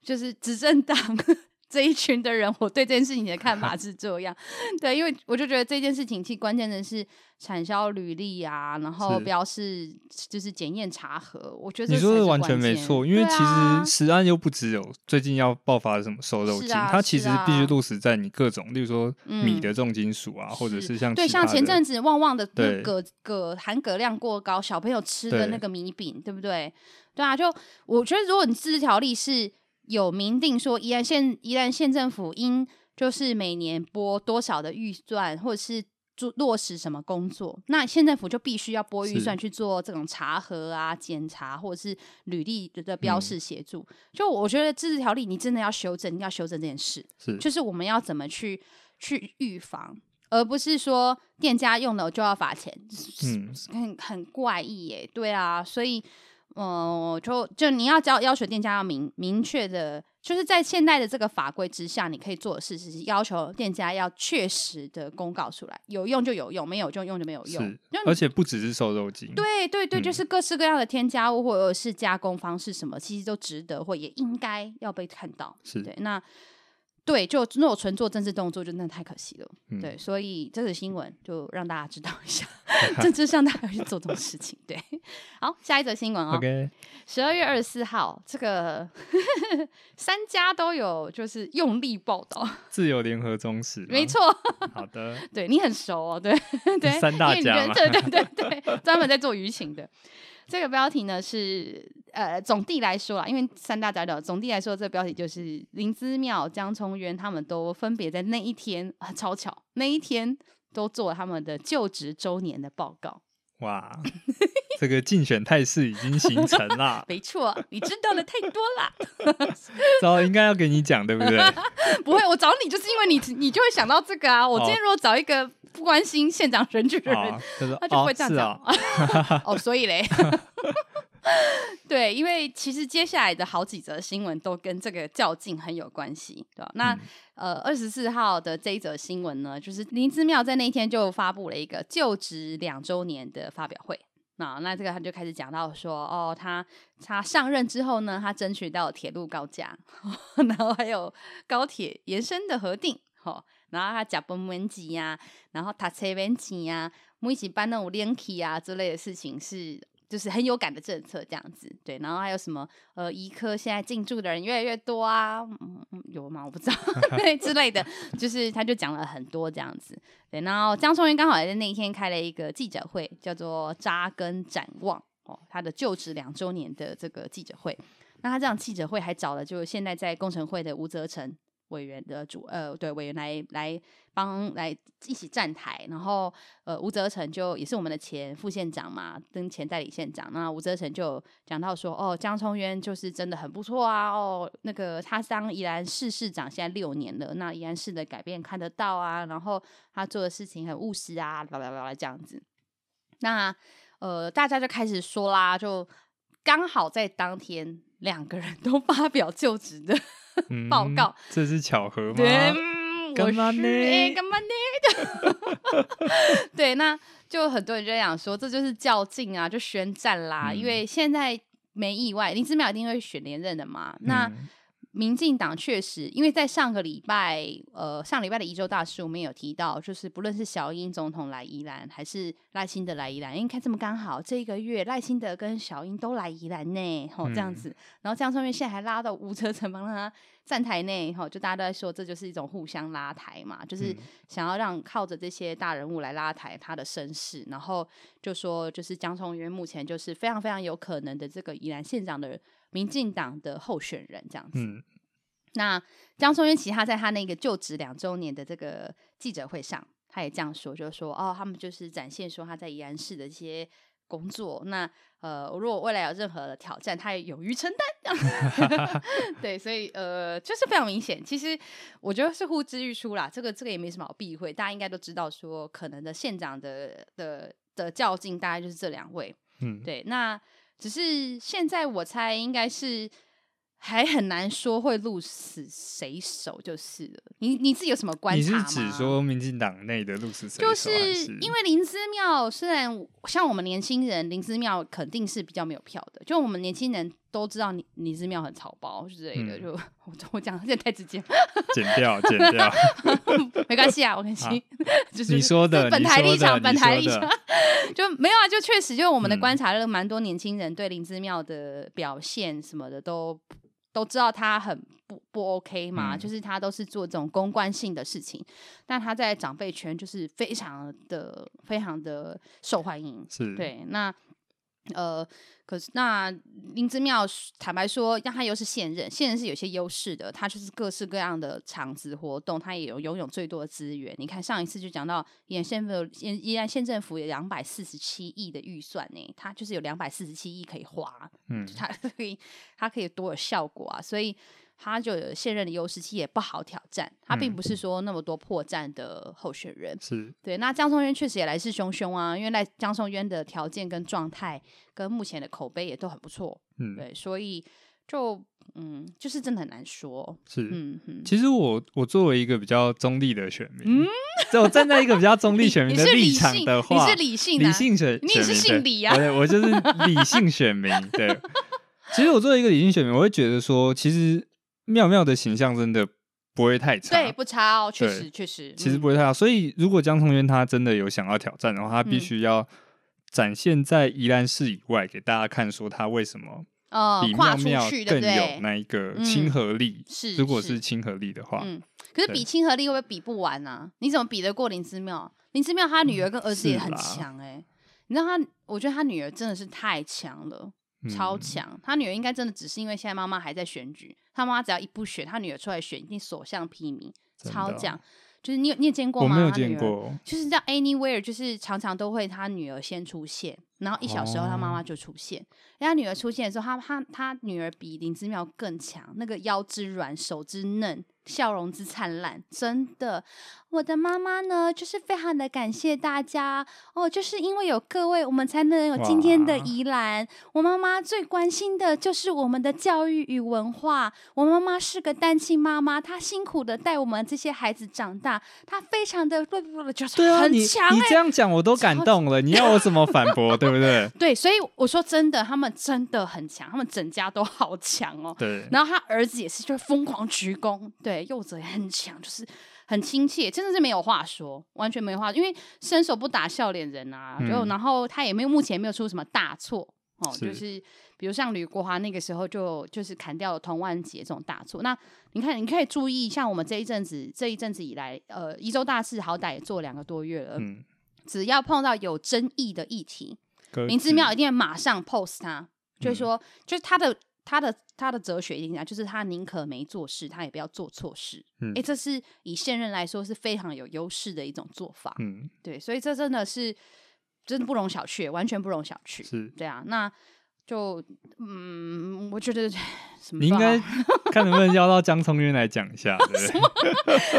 就是執政黨。 這一群的人，我對這件事情的看法是這樣， 對，因為我就覺得這件事情最關鍵的是產銷履歷啊，然後標示，就是檢驗查核，是我覺得是你說的完全沒錯，因為其實食安又不只有最近要爆發什麼瘦肉精，啊啊、它其實必須落實在你各種，例如說米的重金屬啊，嗯、或者是像對，像前陣子旺旺的那個鎘含鎘量過高，小朋友吃的那個米餅，對，對不對？對啊，就我覺得如果你自治條例是。有明定說，宜蘭縣宜蘭縣政府應就是每年撥多少的預算，或者是做落實什麼工作，那縣政府就必須要撥預算去做這種查核啊、檢是查，或者是履歷的標示協助。嗯、就我覺得自治條例你真的要修正，要修正這件事，是就是我們要怎麼去去預防，而不是說店家用的就要罰錢，嗯、很很怪異耶、欸，對啊，所以。嗯、哦，就就你要要要求店家要明明確的，就是在現代的這個法規之下，你可以做的事就是要求店家要確實的公告出來，有用就有用，沒有就用就沒有用。是你而且不只是瘦肉精，對對對，嗯、就是各式各樣的添加物或者是加工方式什麼，其實都值得或也應該要被看到。是對，那。對，就那種純做政治動作，就真的太可惜了。嗯、對，所以這則新聞就讓大家知道一下， 政治上大家去做這種事情。對，好，下一則新聞啊、哦。OK，十二月二十四號，這個 三家都有，就是用力報道。自由聯合中時，沒錯。好的， 對，你很熟哦，對對，三大家嘛， 對對對，對，對，專門在做輿情的。這個標題呢是呃，總的來說啊，因為三大代表總的來說，這個標題就是林姿妙、江聰淵，他們都分別在那一天啊，超巧那一天都做他們的就職周年的報告。哇， 這個競選態勢已經形成啦！ 沒錯，你知道的太多了。早 應該要給你講，對不對？ 不會，我找你就是因為你，你就會想到這個啊。我今天如果找一個。不關心縣長選舉的人，哦哦、他就會這樣講。哦， 哦，所以嘞， 對，因為其實接下來的好幾則新聞都跟這個較勁很有關係，對那、嗯、呃，二十四號的這一則新聞呢，就是林姿妙在那一天就發布了一個就職兩週年的發表會啊。那這個他就開始講到說，哦，他他上任之後呢，他爭取到鐵路高架、哦，然後還有高鐵延伸的核定，哈、哦。然後他加部文錢呀，然後他拆部呀，我呀、 啊，一起辦那種聯考呀之類的事情是，就是很有感的政策這樣子，對。然後還有什麼呃，宜科現在進駐的人越來越多啊，嗯，有嗎？我不知道，對， 之類的 就是他就講了很多這樣子。對，然後江聰淵剛好也在那一天開了一個記者會，叫做紮根展望哦，他的就職兩周年的這個記者會。那他這樣記者會還找了就是現在在工程會的吳澤成。委員的主呃，對委員來來幫來一起站台，然後呃，吳澤成就也是我們的前副縣長嘛，跟前代理縣長，那吳澤成就講到說，哦，江聰淵就是真的很不錯啊，哦，那個他當宜蘭市市長現在六年了，那宜蘭市的改變看得到啊，然後他做的事情很務實啊，啦啦啦，這樣子，那呃，大家就開始說啦，就剛好在當天兩個人都發表就職的。 報告、嗯，這是巧合嗎？對，嗯、幹嘛呢我是根本的，欸、對，那就很多人就講說，這就是較勁啊，就宣戰啦，嗯、因為現在沒意外，林姿妙一定會選連任的嘛，那。嗯民進黨確實，因為在上個禮拜，呃，上個禮拜的宜週大事我們也有提到，就是不論是小英總統來宜蘭，還是賴清德來宜蘭，因為看這麼剛好，這一個月賴清德跟小英都來宜蘭呢，吼這樣子，嗯、然後江聰淵現在還拉到吳澤成幫他站台內，吼就大家都在說，這就是一種互相拉抬嘛，就是想要讓靠着這些大人物來拉抬他的聲勢，然後就說，就是江聰淵目前就是非常非常有可能的這個宜蘭縣長的人。民進黨的候選人這樣子，嗯、那江聰淵其他在他那個就職兩周年的這個記者會上，他也這樣說，就是說哦，他們就是展現說他在宜蘭市的一些工作。那呃，如果未來有任何的挑戰，他也勇於承擔。 對，所以呃，就是非常明顯，其實我覺得是呼之欲出啦。這個這個也沒什麼好避諱，大家應該都知道說，可能的縣長的的的較勁，大概就是這兩位。嗯、對，那。只是現在，我猜應該是還很難說會鹿死誰手，就是了。你你自己有什麼觀察嗎？你是指說民進黨內的鹿死誰手？就是因為林姿妙雖然像我們年輕人，嗯、林姿妙肯定是比較沒有票的。就我們年輕人。都知道你，林姿妙很草包之類的，嗯，就我講的現在太直接，剪掉，剪掉， 沒關係啊，我開心，就是本台立場，本台立場， 就沒有啊，就確實，就我們的觀察了，蠻、嗯、多年輕人對林姿妙的表現什麼的都都知道他很不不 OK 嘛，嗯、就是他都是做這種公關性的事情，但他在長輩圈就是非常的非常的受歡迎，是對那。呃，可是那林姿妙坦白說，讓他又是現任，現任是有些優勢的。他就是各式各樣的場子活動，他也有擁有最多的資源。你看上一次就講到，也現有也宜蘭縣政府有兩百四十七億的預算呢，他就是有兩百四十七億可以花，嗯，他可以他可以多有效果啊，所以。他就有現任的優勢，其實也不好挑戰。他並不是說那麼多破綻的候選人，是對。那江聰淵確實也來勢洶洶啊，因為來江聰淵的條件跟狀態跟目前的口碑也都很不錯，嗯，對。所以就嗯，就是真的很難說。是，嗯，其實我我作為一個比較中立的選民，嗯，我站在一個比較中立選民的立場的話，你是理性理性選，你是姓李啊，對，我就是理性選民。對，其實我作為一個理性選民，我會覺得說，其實。妙妙的形象真的不會太差，對，不差哦，確實，確對實，實其實不會太差。嗯、所以，如果江聰淵他真的有想要挑戰的話，他必須要展現在宜蘭市以外、嗯、給大家看，說他為什麼比比、呃、妙去更有那一個親和力。是、嗯，如果是親和力的話，是是對嗯，可是比親和力會不會比不完呢、啊？你怎麼比得過林姿妙？林姿妙她女兒跟兒子也很強誒、欸。嗯、你知道她？我覺得她女兒真的是太強了。超強，他女兒應該真的只是因為現在媽媽還在選舉，他媽媽只要一不選，他女兒出來選一定所向披靡，超強。真的。就是你有你也見過嗎？我沒有見過，他女兒就是叫 Anywhere，就是常常都會他女兒先出現，然後一小時後他媽媽就出現。因為他、哦、女兒出現的時候，他他他女兒比林姿妙更強，那個腰之軟，手之嫩，笑容之燦爛，真的。我的媽媽呢，就是非常的感謝大家哦，就是因為有各位，我們才能有今天的宜蘭。哇我媽媽最關心的就是我們的教育與文化。我媽媽是個單親媽媽，她辛苦的帶我們這些孩子長大，她非常的弱，就是很強、欸對啊你，你這樣講我都感動了，要你要我怎麼反駁， 對不對？對，所以我說真的，他們真的很強，他們整家都好強哦。對，然後他兒子也是，就是瘋狂鞠躬，對，幼澤也很強，就是。很親切，真的是沒有話說，完全沒有話說，因為伸手不打笑臉人啊。嗯、就然後他也沒有，目前沒有出什麼大錯哦。是就是比如像呂國華那個時候就，就就是砍掉了童玩節這種大錯。那你看，你可以注意，像我們這一陣子，這一陣子以來，呃，宜週大事好歹也做兩個多月了。嗯、只要碰到有爭議的議題，子林姿妙一定要馬上 post 他，就是說，嗯、就是他的。他的他的哲學影響就是他寧可沒做事，他也不要做錯事。誒、嗯欸，這是以現任來說是非常有優勢的一種做法。嗯，對，所以這真的是真的、就是、不容小覷，嗯、完全不容小覷。是對啊，那。就嗯，我覺得什麼、啊？你應該看能不能邀到江聰淵來講一下，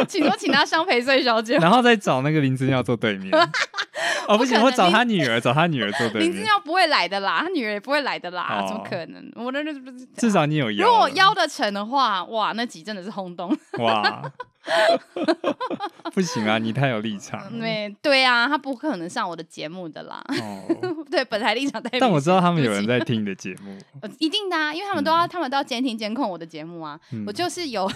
請多請他相陪隧小姐，然後再找那個林姿妙坐對面。 不能哦，不行，林我找他女兒，找他女兒坐對面。 林姿妙不會來的啦，他女兒也不會來的啦，啊、怎麼可能？我的那至少你有邀。如果邀得成的話，哇，那集真的是轟動。 哇。 不行啊！你太有立場了。了對，對啊，他不可能上我的節目的啦。Oh, 對，本來立場代但我知道他們有人在聽你的節目。 一定的啊，因為他們都要，嗯、他們都要監聽監控我的節目啊。嗯、我就是有，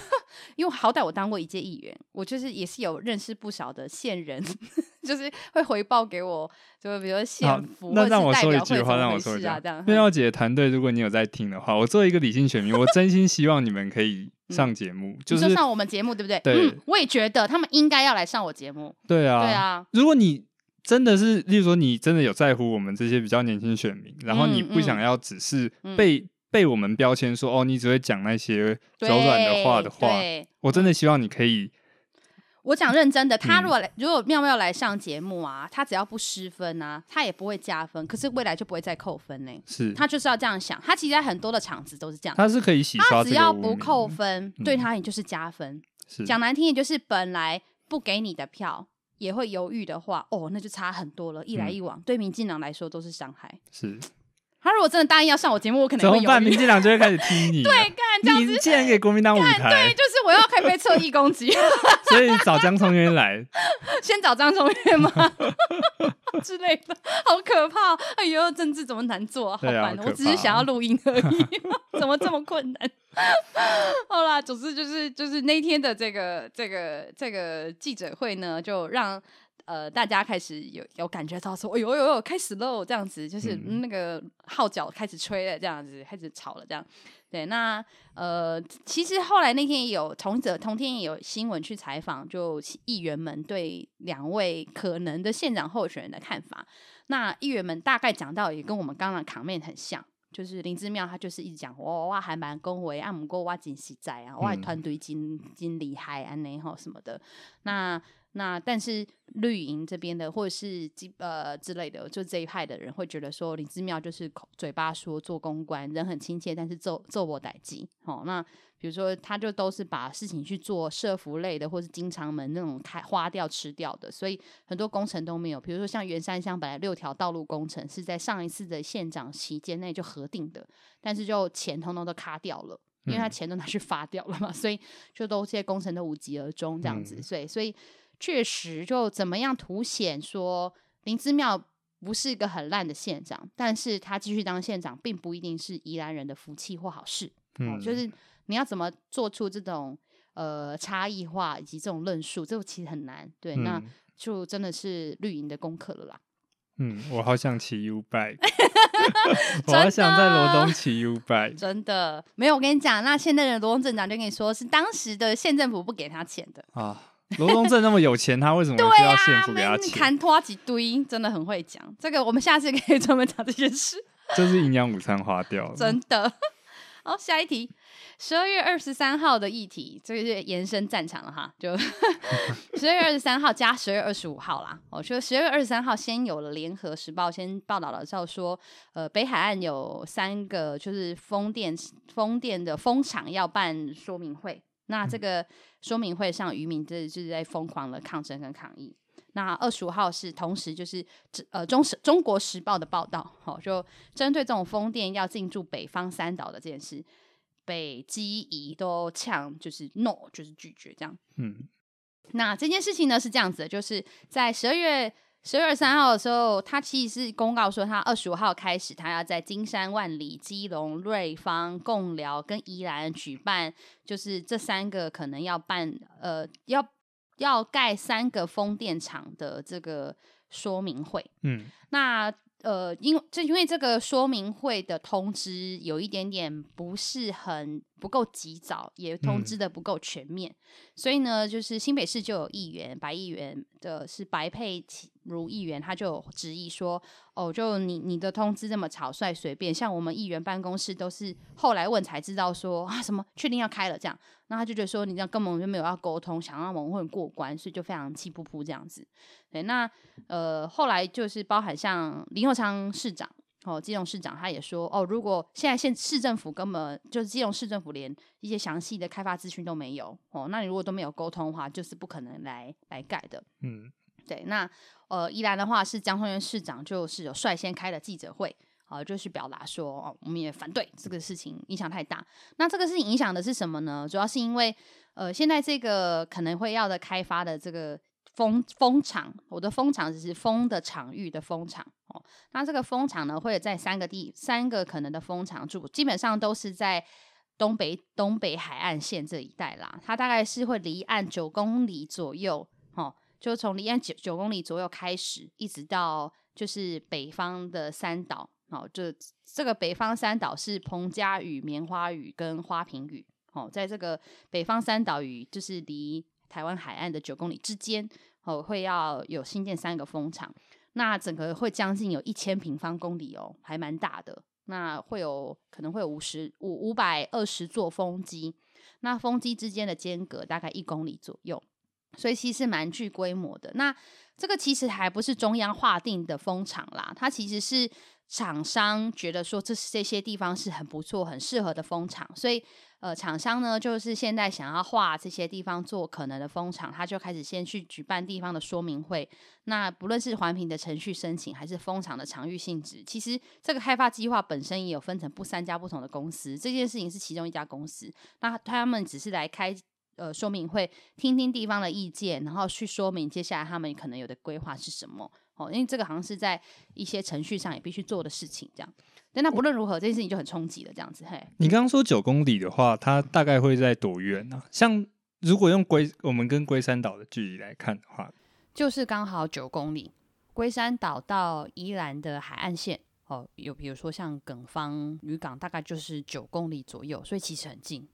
因為好歹我當過一屆議員，我就是也是有認識不少的線人。 就是會回報給我，就比如說幸福。那讓我說一句話，讓我說一下。妙妙姐團隊，如果你有在聽的話，我作為一個理性選民，我真心希望你們可以上節目，就是上我們節目，對不對？對。我也覺得他們應該要來上我節目。對啊。對啊。如果你真的是，例如說你真的有在乎我們這些比較年輕選民，然後你不想要只是被被我們標籤說哦，你只會講那些柔軟的話的話，我真的希望你可以。我講認真的，他如果來，嗯、如果妙妙來上節目啊，他只要不失分啊，他也不會加分，可是未來就不會再扣分呢。是，他就是要這樣想。他其實在很多的場子都是這樣的。他是可以洗刷。他只要不扣分，嗯、對他也就是加分。是講難聽也就是本來不給你的票，也會猶豫的話，哦，那就差很多了。一來一往，嗯、對民進黨來說都是傷害。是。他如果真的答應要上我節目，我可能會怎麼辦？民進黨就會開始踢你。 對，幹政治，竟然給國民黨舞台看，對，就是我要開以被惡意攻擊。 所以你找江聰淵來， 先找江聰淵嗎？ 之類的，好可怕！哎呦，政治怎麼難做啊？好啊對啊，好我只是想要錄音而已， 怎麼這麼困難？ 好啦，總之就是就是那天的這個這個這個記者會呢，就讓。呃，大家開始有有感覺到說，哎呦呦呦，開始嘍，這樣子就是、嗯嗯、那個號角開始吹了，這樣子開始吵了，這樣。對，那呃，其實後來那天也有同者同天也有新聞去採訪，就議員們對兩位可能的縣長候選人的看法。那議員們大概講到，也跟我們剛剛的 comment 很像，就是林姿妙他就是一直講哇哇，哦、還蠻恭維，啊，姆哥哇，真實在啊，哇，團隊精精厲害啊，那也什麼的。那。那但是綠營這邊的或者是呃之類的，就這一派的人會覺得說林姿妙就是口嘴巴說做公關，人很親切，但是做做不得計。哦。那比如說他就都是把事情去做社福類的，或是經常門那種開花掉吃掉的，所以很多工程都沒有。比如說像員山鄉本來六條道路工程是在上一次的縣長期間內就核定的，但是就錢通通都卡掉了，因為他錢都拿去發掉了嘛，嗯、所以就都這些工程都無疾而終這樣子。所以、嗯、所以。所以確實，就怎麼樣凸顯說林姿妙不是一個很爛的縣長，但是他繼續當縣長，並不一定是宜蘭人的福氣或好事。嗯,嗯，就是你要怎麼做出這種呃差異化以及這種論述，這個、其實很難。對，嗯、那就真的是綠營的功課了啦。嗯，我好想騎 U bike 我好想在羅東騎 U bike 真的沒有。我跟你講，那現在的羅東鎮長就跟你說，是當時的縣政府不給他錢的啊。羅東鎮那麼有錢， 啊、他為什麼需要現付給他錢？砍拖幾堆，真的很會講。這個我們下次可以專門講這件事。就是營養午餐花掉了，真的。好、哦，下一題，十二月二十三號的議題，這個是延伸戰場了哈。就十二 月二十三號加十二月二十五號啦。我說十二月二十三號先有了聯合時報先報道了，照說，呃，北海岸有三個就是風電風電的風場要辦說明會。那這個說明會上，漁民就是在瘋狂的抗爭跟抗議。那二十五號是同時，就是呃中時中國時報的報道好，就針對這種風電要進駐北方三島的這件事，北基宜都嗆就是 no，就是拒絕這樣。嗯，那這件事情呢是這樣子的，就是在十二月。十二三號的時候，他其實是公告說，他二十五號開始，他要在金山、萬里、基隆、瑞芳、貢寮跟宜蘭舉辦，就是這三個可能要辦，呃，要要蓋三個風電場的這個說明會。嗯，那呃，因為這因為這個說明會的通知有一點點不是很不夠及早，也通知的不夠全面，嗯，所以呢，就是新北市就有議員，白議員的是白佩琦。如議員，他就質疑說：“哦，就你你的通知這麼草率隨便，像我們議員辦公室都是後來問才知道說啊，什麼確定要開了這樣。”那他就覺得說：“你這樣根本就沒有要溝通，想讓我們會過關，所以就非常氣噗噗這樣子。”對，那呃，後來就是包含像林右昌市長哦，基隆市長他也說：“哦，如果現在縣市政府根本就是基隆市政府連一些詳細的開發資訊都沒有哦，那你如果都沒有溝通的話，就是不可能來來蓋的。”嗯。對，那呃，宜蘭的話是江聰淵市長就是有率先開了記者會，啊、呃，就是表達說，哦，我們也反對這個事情影響太大。那這個事情影響的是什麼呢？主要是因為，呃，現在這個可能會要的開發的這個風風，風場，我的風場只是風的場域的風場哦。那這個風場呢，會在三個地三個可能的風場住，基本上都是在東北東北海岸線這一帶啦。它大概是會離岸九公里左右。就從離岸九九公里左右開始，一直到就是北方的三島，哦，這這個北方三島是彭佳嶼、棉花嶼跟花瓶嶼，哦，在這個北方三島嶼就是離台灣海岸的九公里之間，哦，會要有新建三個風場，那整個會將近有一千平方公里哦，還蠻大的，那會有可能會有五十五五百二十座風機，那風機之間的間隔大概一公里左右。所以其實蠻具規模的。那這個其實還不是中央劃定的風場啦，它其實是廠商覺得說，這是這些地方是很不錯、很適合的風場。所以呃，廠商呢，就是現在想要劃這些地方做可能的風場，他就開始先去舉辦地方的說明會。那不論是環評的程序申請，還是風場的場域性質，其實這個開發計劃本身也有分成不三家不同的公司。這件事情是其中一家公司，那他們只是來開。呃，說明會聽聽地方的意見，然後去說明接下來他們可能有的規劃是什麼。哦，因為這個好像是在一些程序上也必須做的事情，這樣。但那不論如何，哦、這件事情就很衝擊了，這樣子。嘿，你剛剛說九公里的話，它大概會在多遠呢？嗯、像如果用龜，我們跟龜山島的距離來看的話，就是剛好九公里。龜山島到宜蘭的海岸線，哦，有比如說像梗枋漁港，大概就是九公里左右，所以其實很近。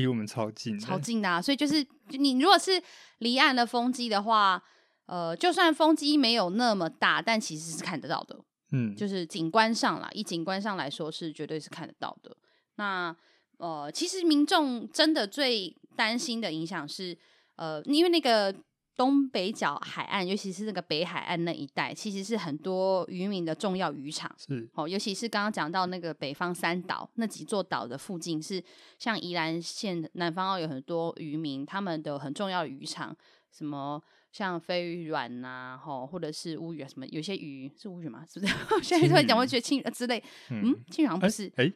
離我們超近，超近的、啊。所以就是你如果是離岸的風機的話，呃，就算風機沒有那麼大，但其實是看得到的。嗯，就是景觀上啦，以景觀上來說是絕對是看得到的。那呃，其實民眾真的最擔心的影響是呃，因為那個。東北角海岸，尤其是那個北海岸那一帶，其實是很多漁民的重要漁場。是哦，尤其是剛剛講到那個北方三島那幾座島的附近是，是像宜蘭縣、南方澳有很多漁民他們的很重要的漁場，什麼像飛魚卵吶、啊，吼，或者是烏魚啊，什麼有些魚是烏魚嗎？是不是？現在突然講，我覺得青魚之類，嗯，青魚好像不是。欸欸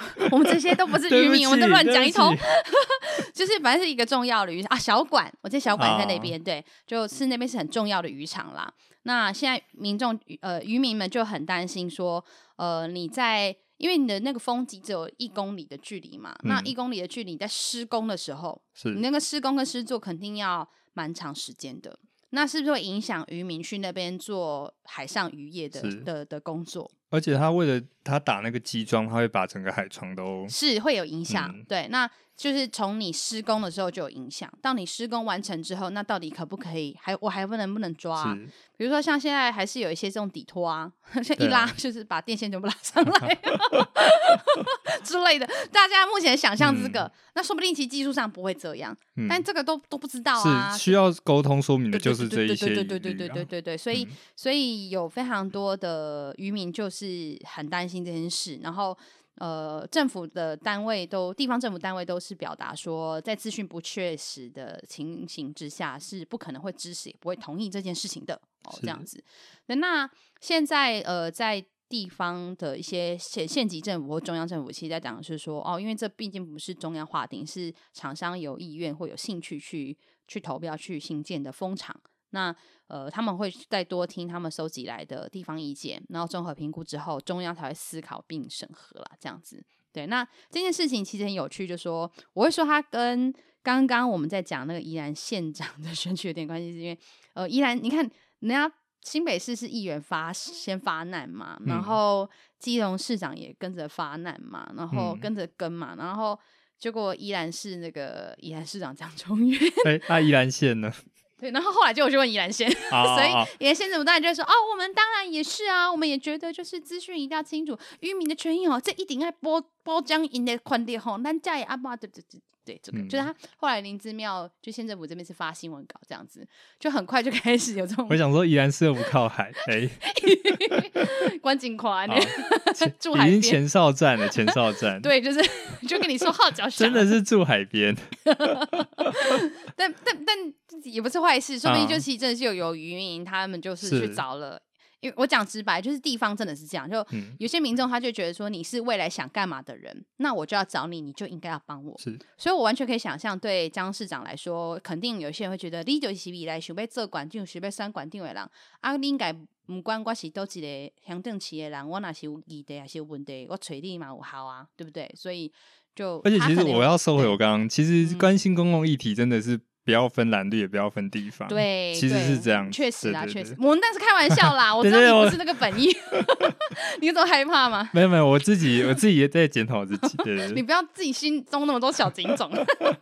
我們這些都不是漁民，不我們都亂講一通。 就是反正是一個重要的漁場啊，小管。我記得小管在那邊，啊、對，就是那邊是很重要的漁場啦。嗯、那現在民眾呃漁民們就很擔心說，呃，你在因為你的那個風級只有一公里的距離嘛，嗯、那一公里的距離你在施工的時候，是你那個施工跟施作肯定要蠻長時間的。那是不是會影響漁民去那邊做海上漁業的是的的工作？而且他為了他打那個基樁，他會把整個海床都是會有影響。對，那就是從你施工的時候就有影響，到你施工完成之後，那到底可不可以還我還不能不能抓？比如說像現在還是有一些這種底拖，像一拉就是把電線全部拉上來之類的。大家目前想象這個，那說不定其實技術上不會這樣，但這個都都不知道啊。需要溝通說明的就是這一些，對對對對對對對對，所以所以有非常多的漁民就是。是很擔心這件事，然後呃，政府的單位都地方政府單位都是表達說，在資訊不確實的情形之下，是不可能會支持，也不會同意這件事情的哦，這樣子。是那現在呃，在地方的一些縣縣級政府或中央政府，其實在講的是說哦，因為這畢竟不是中央劃定，是廠商有意願或有興趣去去投標去興建的風場，那。呃，他們會再多聽他們收集來的地方意見，然後綜合評估之後，中央才會思考並審核啦。這樣子。對，那這件事情其實很有趣，就是、說我會說他跟剛剛我們在講那個宜蘭縣長的選舉有點關係，是因為呃，宜蘭你看人家新北市是議員發先發難嘛，嗯、然後基隆市長也跟着發難嘛，然後跟着跟嘛，嗯、然後結果宜蘭是那個宜蘭市長江聰淵，哎、欸，那宜蘭縣呢？ 對，然後後來就我去問宜蘭縣、哦哦哦哦，所以宜蘭縣怎麼當然就會說，哦，我們當然也是啊，我們也覺得就是資訊一定要清楚，漁民的權益哦，這一定愛保保障因的權利哦，咱這也阿爸對對對。嘚嘚嘚。對，這個嗯、就是他。後來林姿妙就縣政府這邊是發新聞稿，這樣子就很快就開始有這種。我想說，宜蘭市又不靠海，哎、 欸， 關景誇呢， 住海邊已經前哨站了，前哨站。 對，就是就跟你說號角響， 真的是住海邊 。但但但也不是壞事，說不定就是真的是有有漁民，啊、他們就是去找了。因為我講直白，就是地方真的是這樣，就有些民眾他就覺得說你是未來想幹嘛的人，嗯、那我就要找你，你就應該要幫我。是，所以我完全可以想象，對江市長來說，肯定有些人會覺得，你就是以來準備做管，就是準三管定位人。啊，你應該不管我是都記個鄉鎮企業人，我那是有議題還是有問題，我找你嘛好啊，對不對？所以就而且其實我要收回我剛剛，對其實關心公共議題真的是、嗯。不要分藍綠，也不要分地方。對，其實是這樣。確實啊，確實。我們是開玩笑啦， 我知道你不是那個本意。 你有這麼害怕嗎？沒有沒有，我自己我自己也在檢討自己。你不要自己心中那麼多小警總。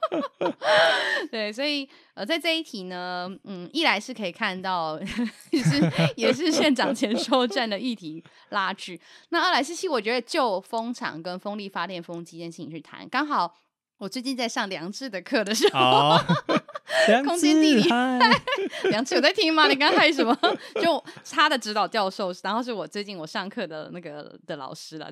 對，所以呃，在這一題呢，嗯，一來是可以看到， 也是，也是縣長前哨戰的議題拉鋸。 那二來是，其實我覺得就風場跟風力發電風機先請去談，剛好。我最近在上梁志的課的時候，空間地理，梁志有嗨在聽嗎？你剛才什麼？就他的指導教授，然後是我最近我上課的那個的老師了。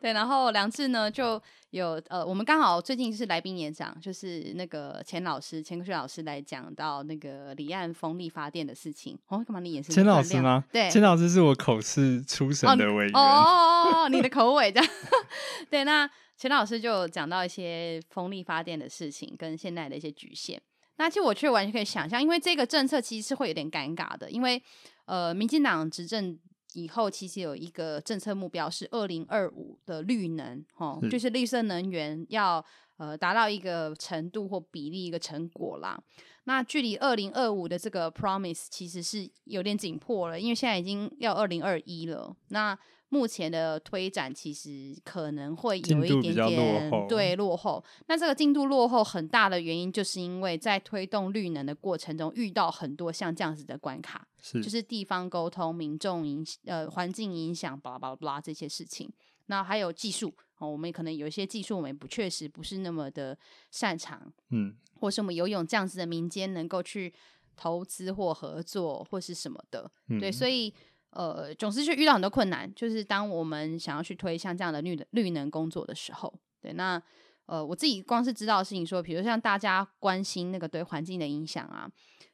對，然後梁志呢就有呃，我們剛好最近是來賓演講，就是那個錢老師、錢克旭老師來講到那個離岸風力發電的事情。哦，幹嘛你也是錢老師嗎？對，錢老師是我口試出審的委員。哦，哦，哦，哦，哦，你的口尾這樣。 對那。陳老師就講到一些風力發電的事情跟現在的一些局限，那其實我卻完全可以想象，因為這個政策其實是會有點尷尬的，因為呃，民進黨執政以後，其實有一個政策目標是二零二五的綠能，哈、哦，就是綠色能源要呃達到一個程度或比例一個成果啦。那距離二零二五的這個 promise 其實是有點緊迫了，因為現在已經要二零二一了，那。目前的推展其實可能會有一點點落對落後。那這個進度落後很大的原因，就是因為在推動綠能的過程中，遇到很多像這樣子的關卡，是就是地方溝通，民眾影呃環境影響、巴拉巴拉這些事情。那還有技術、哦、我們可能有一些技術，我們不確實不是那麼的擅長，嗯，或是我們有用這樣子的民間能夠去投資或合作或是什麼的，嗯、對，所以。呃，總是去遇到很多困難，就是當我們想要去推像這樣的綠能綠能工作的時候，對那呃，我自己光是知道的事情，說，比如像大家關心那個對環境的影響啊，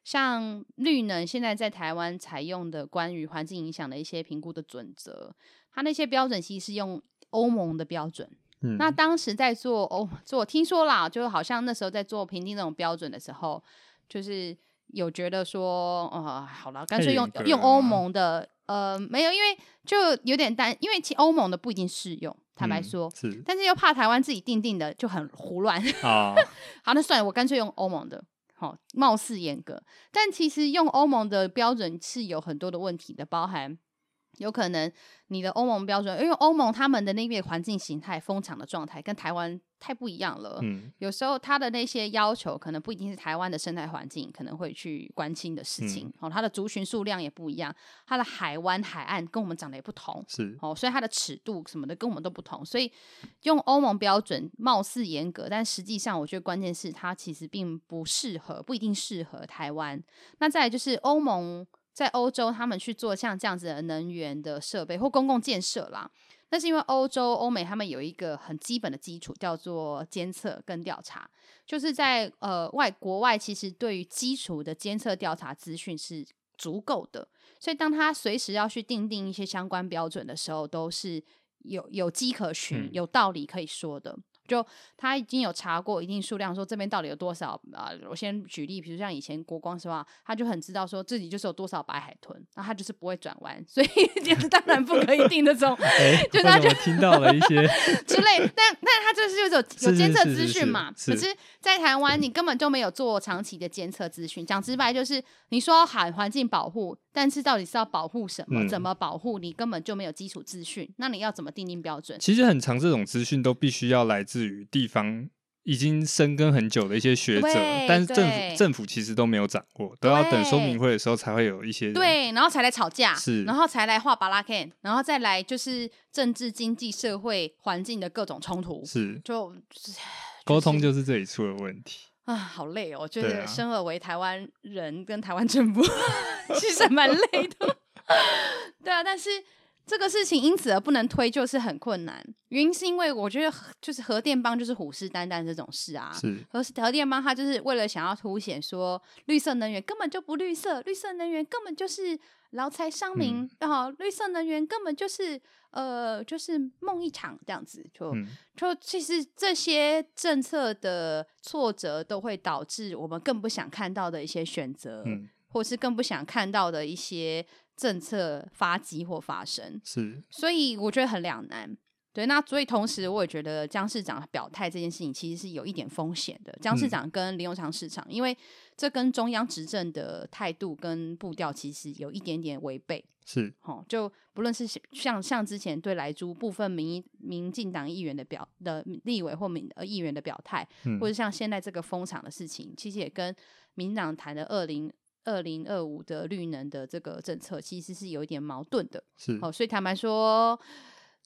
像綠能現在在台灣採用的關於環境影響的一些評估的準則，它那些標準其實是用歐盟的標準。嗯，那當時在做歐做聽說啦，就好像那時候在做評定那種標準的時候，就是有覺得說，呃，好了，乾脆用、欸、用歐盟的。呃，沒有，因為就有點擔，因為其實歐盟的不一定適用，坦白說，嗯、是，但是又怕台灣自己定定的就很胡亂。啊、 好，那算了，我乾脆用歐盟的，好、哦，貌似嚴格，但其實用歐盟的標準是有很多的問題的，包含。有可能你的歐盟標準，因為歐盟他們的那邊環境形態、風場的狀態跟台灣太不一樣了。嗯、有時候它的那些要求可能不一定是台灣的生態環境可能會去關心的事情。嗯、哦，它的族群數量也不一樣，它的海灣、海岸跟我們長得也不同。是。哦，所以它的尺度什麼的跟我們都不同，所以用歐盟標準貌似嚴格，但實際上我覺得關鍵是它其實並不適合，不一定適合台灣。那再來就是歐盟。在歐洲，他們去做像這樣子的能源的設備或公共建設啦，那是因為歐洲、歐美他們有一個很基本的基礎，叫做監測跟調查。就是在呃外國外，其實對於基礎的監測調查資訊是足夠的，所以當他隨時要去訂定一些相關標準的時候，都是有有跡可循、有道理可以說的。嗯就他已經有查過一定數量，說這邊到底有多少啊？我先舉例，比如像以前國光是吧？他就很知道說自己就是有多少白海豚，然後他就是不會轉彎，所以當然不可以定 那種，欸、就是他就聽到了一些 之類。但但他就是有有監測資訊嘛？是是是是是可是，在台灣你根本就沒有做長期的監測資訊。講是、嗯、直白就是，你說喊環境保護，但是到底是要保護什麼？嗯、怎麼保護？你根本就沒有基礎資訊，那你要怎麼定定標準？其實很常，這種資訊都必須要來自。至於地方已經生根很久的一些學者，對但是政府對政府其實都沒有掌握，對都要等說明會的時候才會有一些對，然後才來吵架，是，然後才來畫巴拉肯，然後再來就是政治、經濟、社會、環境的各種衝突，是，就、就是、溝通就是這裡出了問題啊，好累哦，啊、我覺得生而為台灣人跟台灣政府 其實蠻累的， 對啊，但是。這個事情因此而不能推，就是很困難。原因是因為我覺得，就是核電幫就是虎視眈眈這種事啊。是核核電幫它就是為了想要凸顯說，綠色能源根本就不綠色，綠色能源根本就是勞財傷民啊，嗯哦，綠色能源根本就是呃，就是夢一場這樣子。就，嗯，就其實這些政策的挫折，都會導致我們更不想看到的一些選擇，嗯，或是更不想看到的一些。政策發基或發生是，所以我覺得很兩難。對，那所以同時我也覺得江市長表態這件事情其實是有一點風險的。江市長跟林永強市長，嗯、因為這跟中央執政的態度跟步調其實有一點點違背。是哦，就不論是像像之前對萊豬部分民民進黨議員的表的立委或民呃議員的表態，嗯、或者像現在這個風場的事情，其實也跟民進黨談的二零。二零二五的綠能的這個政策其實是有一點矛盾的，是哦，所以坦白說，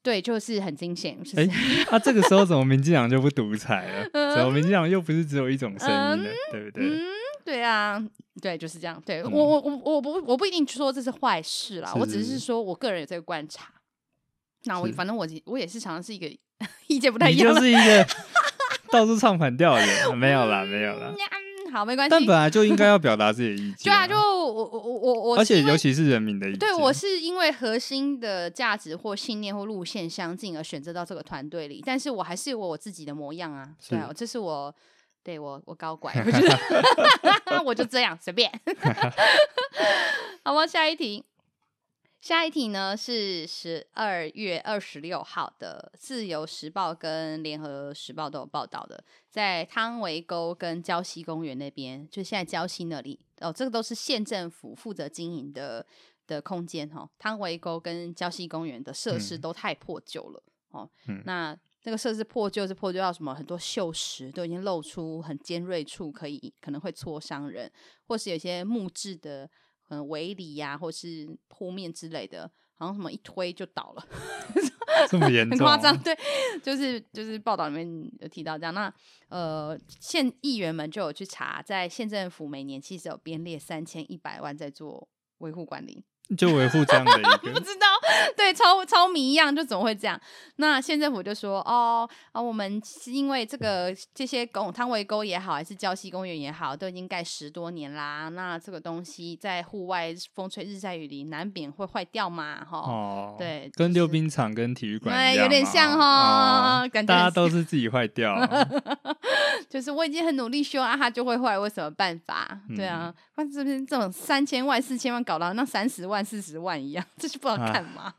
對，就是很驚險。哎、就是，那、欸啊、這個時候怎麼民進黨就不獨裁了？嗯、怎麼民進黨又不是只有一種聲音了？嗯、對不對、嗯？對啊，對，就是這樣。對、嗯、我，我，我，我不，我不，我不一定說這是壞事啦，是是是，我只是說我個人有這個觀察。那我是反正我我也是常常是一個意見 不太一樣，就是一個到處唱反調的 沒啦，沒有啦，沒有啦。好，沒關係。但本來就應該要表達自己的意見啊。 對啊，就我我我我，我我而且尤其是人民的意見。對，我是因為核心的價值或信念或路線相近而選擇到這個團隊裡，但是我還是有我自己的模樣啊。是對啊，這是我對我我高拐，我就 我就這樣隨便， 好吧，下一題。下一題呢是十二月二十六號的《自由時報》跟《聯合時報》都有報道的，在湯圍溝跟礁溪公園那邊，就現在礁溪那裡哦，這個都是縣政府負責經營的的空間哦。湯圍溝跟礁溪公園的設施都太破舊了、嗯、哦。嗯、那這、那個設施破舊是破舊到什麼？很多鏽蝕都已經露出很尖銳處，可以可能會戳傷人，或是有些木質的。嗯，圍籬呀，或是鋪面之類的，好像什麼一推就倒了， 這麼嚴重、啊， 很誇張。對，就是就是報道裡面有提到這樣。那呃，縣議員們就有去查，在縣政府每年其實有編列三千一百萬在做維護管理。就維護這樣的， 不知道，對，超超迷一樣，就怎麼會這樣？那縣政府就說，哦啊、哦，我們是因為這個這些溝、湯圍溝也好，還是礁溪公園也好，都已經蓋十多年啦。那這個東西在戶外風吹日曬雨淋，難免會壞掉嘛，哈。哦。對，就是、跟溜冰場、跟體育館、哦嗯、有點像哈，哦、感覺大家都是自己壞掉、哦。 就是我已經很努力修啊，它就會壞，我有什麼辦法？嗯、對啊，關鍵是這種三千萬、四千萬搞到那三十萬、四十萬一樣，這是不好看嘛？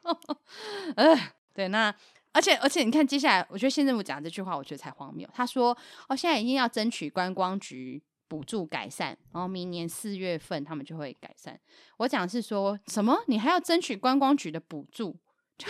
哎、啊 呃，對，那而且而且，而且你看接下來，我覺得現在我講的這句話，我覺得才荒謬。他說：“哦，現在一定要爭取觀光局補助改善，然後明年四月份他們就會改善。”我講是說什麼？你還要爭取觀光局的補助？就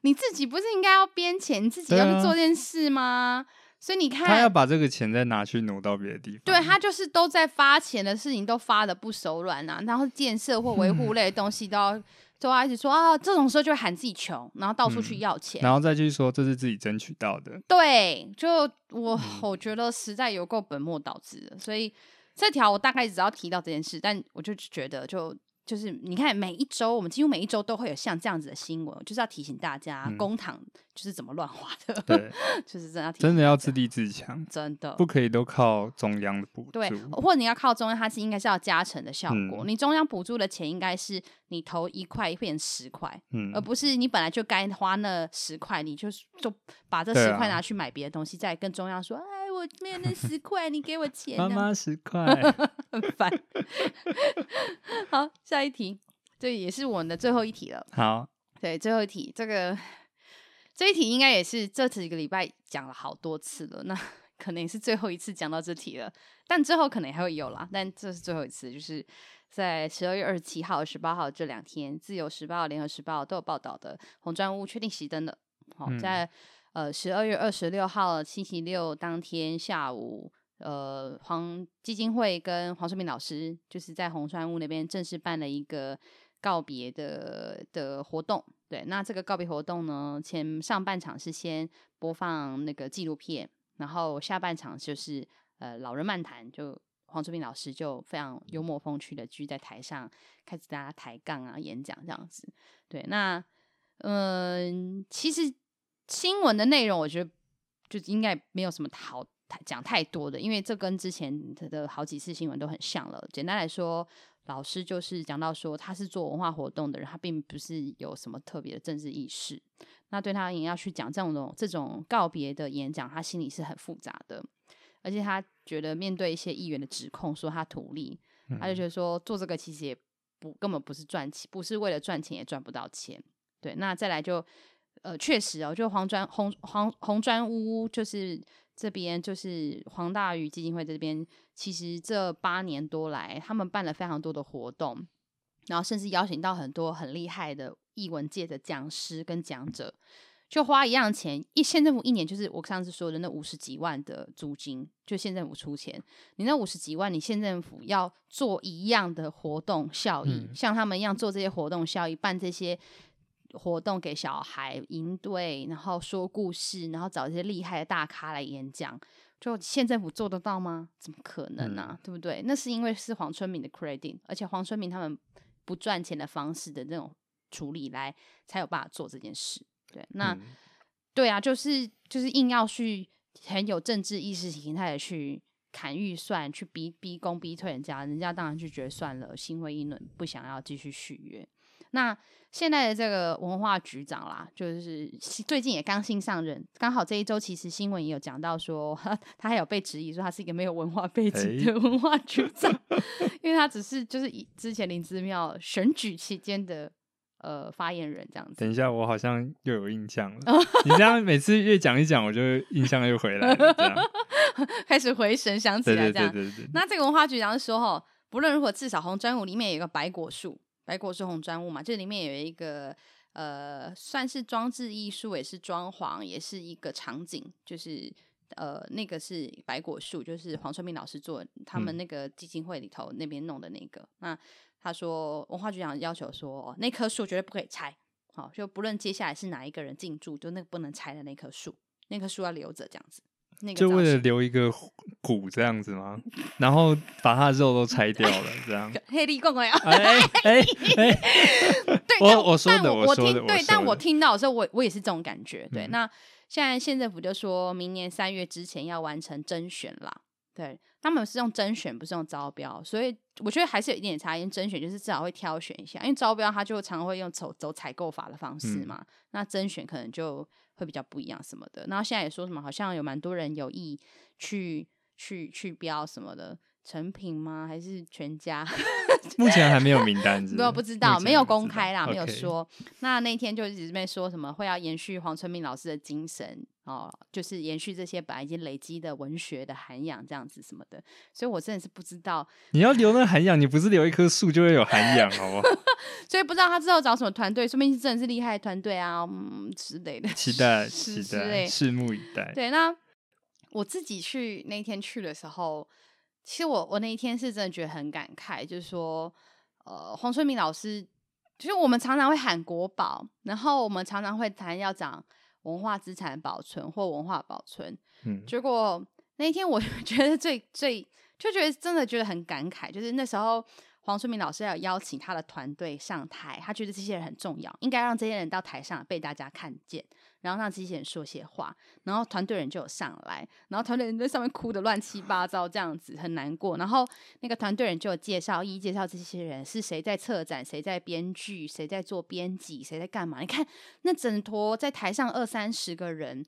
你自己不是應該要編錢，你自己要去做件事嗎？所以你看，他要把這個錢再拿去挪到別的地方。對，他就是都在發錢的事情，都發的不手軟吶、啊。然後建設或維護類的東西都要，嗯、都要一直說啊，這種時候就喊自己窮，然後到處去要錢，嗯、然後再繼續說這是自己爭取到的。對，就我我覺得實在有夠本末倒置的。所以這條我大概只要提到這件事，但我就覺得就。就是你看每一週，我們幾乎每一週都會有像這樣子的新聞，就是要提醒大家，嗯、公帑就是怎麼亂花的。對， 就是真的要提醒，真的要自立自強，真的不可以都靠中央的補助，對，或者你要靠中央，它是應該是要加成的效果。嗯、你中央補助的錢應該是你投一塊變成十塊，嗯、而不是你本來就該花那十塊，你就就把這十塊拿去買別的東西，啊、再跟中央說。哎我沒有那十塊，你給我錢、啊。媽媽 十塊， 很煩煩。 好，下一題，這也是我們的最後一題了。好，對，最後一題，這個這一題應該也是這幾個禮拜講了好多次了，那可能也是最後一次講到這題了，但之後可能還會有啦。但這是最後一次，就是在十二月二十七號、十八號這兩天，自由十八號聯合十八號都有報道的紅磚屋確定熄燈了。好，在。呃，十二月二十六號星期六當天下午，呃，黃基金會跟黃春明老師就是在紅磚屋那邊正式辦了一個告別的的活動。對，那這個告別活動呢，前上半場是先播放那個紀錄片，然後下半場就是呃老人漫談，就黃春明老師就非常幽默風趣的就在台上開始大家抬槓啊演講這樣子。對，那嗯、呃，其實。新聞的內容，我覺得就應該沒有什麼好太講太多的，因為這跟之前他的好幾次新聞都很像了。簡單來說，老師就是講到說，他是做文化活動的人，他並不是有什麼特別的政治意識。那對他而言，要去講這種這種告別的演講，他心裡是很複雜的，而且他覺得面對一些議員的指控，說他圖利，他就覺得說做這個其實也不根本不是賺錢，不是為了賺錢也賺不到錢。對，那再來就。呃，確實哦，就黃磚紅黃紅磚屋，就是這邊，就是黃大魚基金會這邊，其實這八年多來，他們辦了非常多的活動，然後甚至邀請到很多很厲害的藝文界的講師跟講者，就花一樣錢，一縣政府一年就是我上次說的那五十幾萬的租金，就縣政府出錢，你那五十幾萬，你縣政府要做一樣的活動效益，嗯、像他們一樣做這些活動效益，辦這些。活動給小孩營隊，然後說故事，然後找一些厲害的大咖來演講，就縣政府做得到嗎？怎麼可能呢、啊？嗯、對不對？那是因為是黃春明的 credit，而且黃春明他們不賺錢的方式的那種處理來，才有辦法做這件事。對，那、嗯、對啊，就是就是硬要去很有政治意識形態的去砍預算，去逼逼供逼退人家，人家當然就覺得算了，心灰意冷，不想要繼續續約。那現在的這個文化局長啦，就是最近也剛新上任，剛好這一周其實新聞也有講到說，他還有被質疑說他是一個沒有文化背景的文化局長，欸、因為他只是就是以之前林姿妙選舉期間的呃發言人這樣子。等一下，我好像又有印象了。 你這樣每次越講一講，我就印象又回來了， 開始回神想起來這樣。對對對對對。那這個文化局長說：“吼，不論如何，至少紅磚屋裡面有一個白果樹。”白果樹紅磚屋嘛，這裡面有一個呃，算是裝置藝術，也是裝潢，也是一個場景，就是呃，那個是白果樹，就是黃春明老師做他們那個基金會裡頭那邊弄的那個。嗯、那他說文化局長要求說，哦、那棵樹絕對不可以拆，好，就不論接下來是哪一個人進駐，就那個不能拆的那棵樹，那棵樹要留着這樣子。那個就為了留一個骨這樣子嗎？ 然後把他的肉都拆掉了，這樣黑里光光呀！哎哎 對，我我說的，我聽對，我說的，但我聽到的時候我，我我也是這種感覺。對，嗯、那現在縣政府就說明年三月之前要完成甄選啦，對。他們是用甄選，不是用招標，所以我覺得還是有一點點差異。甄選就是至少會挑選一下，因為招標他就常會用走走採購法的方式嘛。嗯、那甄選可能就會比較不一樣什麼的。然後現在也說什麼，好像有蠻多人有意去去去標什麼的成品嗎？還是全家？ 目前還沒有名單是不是， 沒有不知道，知道沒有公開啦，OK 沒有說。那那天就一直在說什麼會要延續黃春明老師的精神。哦，就是延續這些本來已經累積的文學的涵養，這樣子什麼的，所以我真的是不知道你要留那個涵養， 你不是留一棵樹就會有涵養，好不好？ 所以不知道他之後找什麼團隊，說不定是真的是厲害的團隊啊，嗯，之類的。期待，期待，期待，拭目以待。對，那我自己去那一天去的時候，其實我我那一天是真的覺得很感慨，就是說，呃，黃春明老師，就是我們常常會喊國寶，然後我們常常會談要講。文化資產保存或文化保存，嗯，結果那一天我就覺得最最就覺得真的覺得很感慨，就是那時候。黃春明老師有邀請他的團隊上台，他覺得這些人很重要，應該讓這些人到台上被大家看見，然後讓這些人說些話，然後團隊人就有上來，然後團隊人在上面哭得亂七八糟，這樣子很難過。然後那個團隊人就有介紹，一一介紹這些人是誰在策展，誰在編劇，誰在做編輯，誰在幹嘛。你看那整坨在台上二三十個人，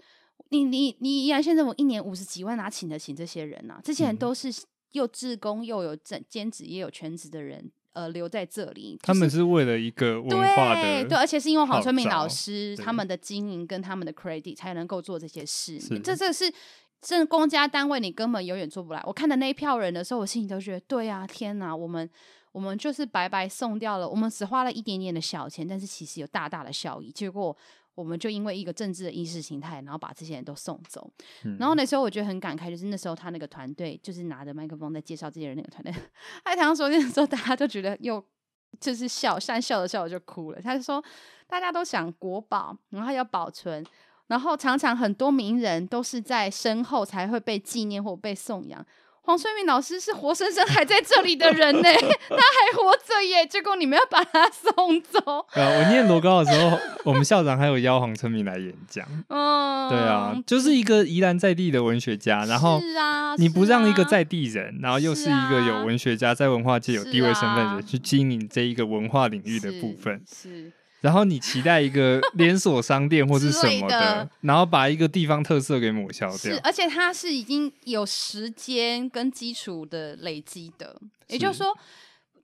你你你，依然現在我一年五十幾萬、啊，哪請得起這些人呢、啊？這些人都是。嗯又志工又有正兼職也有全職的人，呃，留在這裡。就是、他們是為了一個文化的，對，對，而且是因為黃春明老師對他們的經營跟他們的 credit 才能夠做這些事。是這這是公家單位，你根本永遠做不來。我看的那一票人的時候，我心裡都覺得，對呀、啊，天哪，我們我們就是白白送掉了，我們只花了一點點的小錢，但是其實有大大的效益。結果。我們就因為一個政治的意識形態，然後把這些人都送走。嗯、然後那時候我覺得很感慨，就是那時候他那個團隊就是拿着麥克風在介紹這些人。那個團隊在台上說的時候，大家都覺得又就是笑，但笑着笑着就哭了。他就說：“大家都想國寶，然後要保存，然後常常很多名人都是在身後才會被紀念或被頌揚。”黃春明老師是活生生還在這裡的人呢？欸， 他還活着耶！ 結果你們要把他送走。對啊，我念羅高的時候， 我們校長還有邀黃春明來演講。嗯，對啊，就是一個宜蘭在地的文學家。然後是啊，是啊，你不讓一個在地人，然後又是一個有文學家在文化界有地位身份的人，啊、去經營這一個文化領域的部分。是。是然後你期待一個連鎖商店或是什麼的， 的然後把一個地方特色給抹消掉。是，而且它是已經有時間跟基礎的累積的。是也就是說，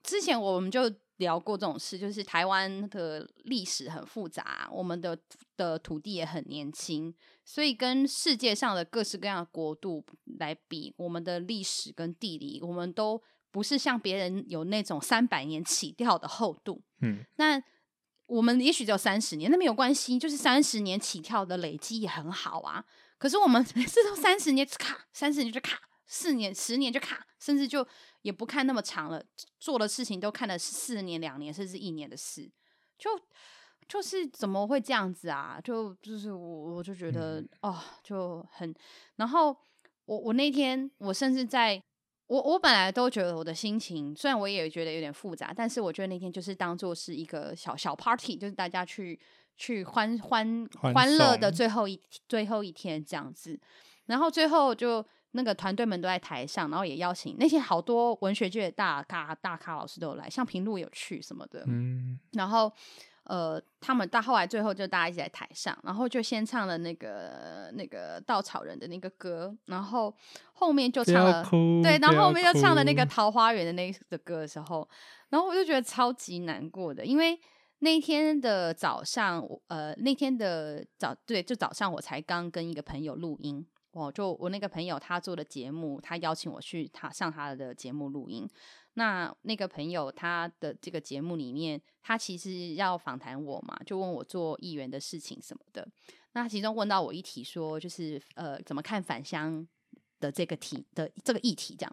之前我們就聊過這種事，就是台灣的歷史很複雜，我們的的土地也很年輕，所以跟世界上的各式各樣的國度來比，我們的歷史跟地理，我們都不是像別人有那種三百年起跳的厚度。嗯，那。我們也許只有三十年，那沒有關係，就是三十年起跳的累積也很好啊。可是我們是從三十年卡，三十年就卡，四年、十年就卡，甚至就也不看那麼長了，做的事情都看了四年、兩年，甚至一年的事，就就是怎麼會這樣子啊？就就是我我就覺得啊、嗯哦，就很。然後我我那天我甚至在。我我本來都覺得我的心情，雖然我也覺得有點複雜，但是我覺得那天就是當做是一個小小 party，就是大家去去歡歡歡樂喜的最後一最後一天這樣子。然後最後就那個團隊們都在台上，然後也邀請那些好多文學界的大咖大咖老師都有來，像平路有去什麼的，嗯，然後。呃，他們到後來最後就大家一起在台上，然後就先唱了那個那個稻草人的那個歌，然後後面就唱了對，然後後面就唱了那個桃花源的那個歌的時候，然後我就覺得超級難過的，因為那天的早上，我呃那天的早對，就早上我才剛跟一個朋友錄音，我、哦、就我那個朋友他做的節目，他邀請我去他上他的節目錄音。那那個朋友他的這個節目裡面，他其實要訪談我嘛，就問我做議員的事情什麼的。那其中問到我一題說，說就是呃，怎麼看返鄉的這個題的這個議題這樣。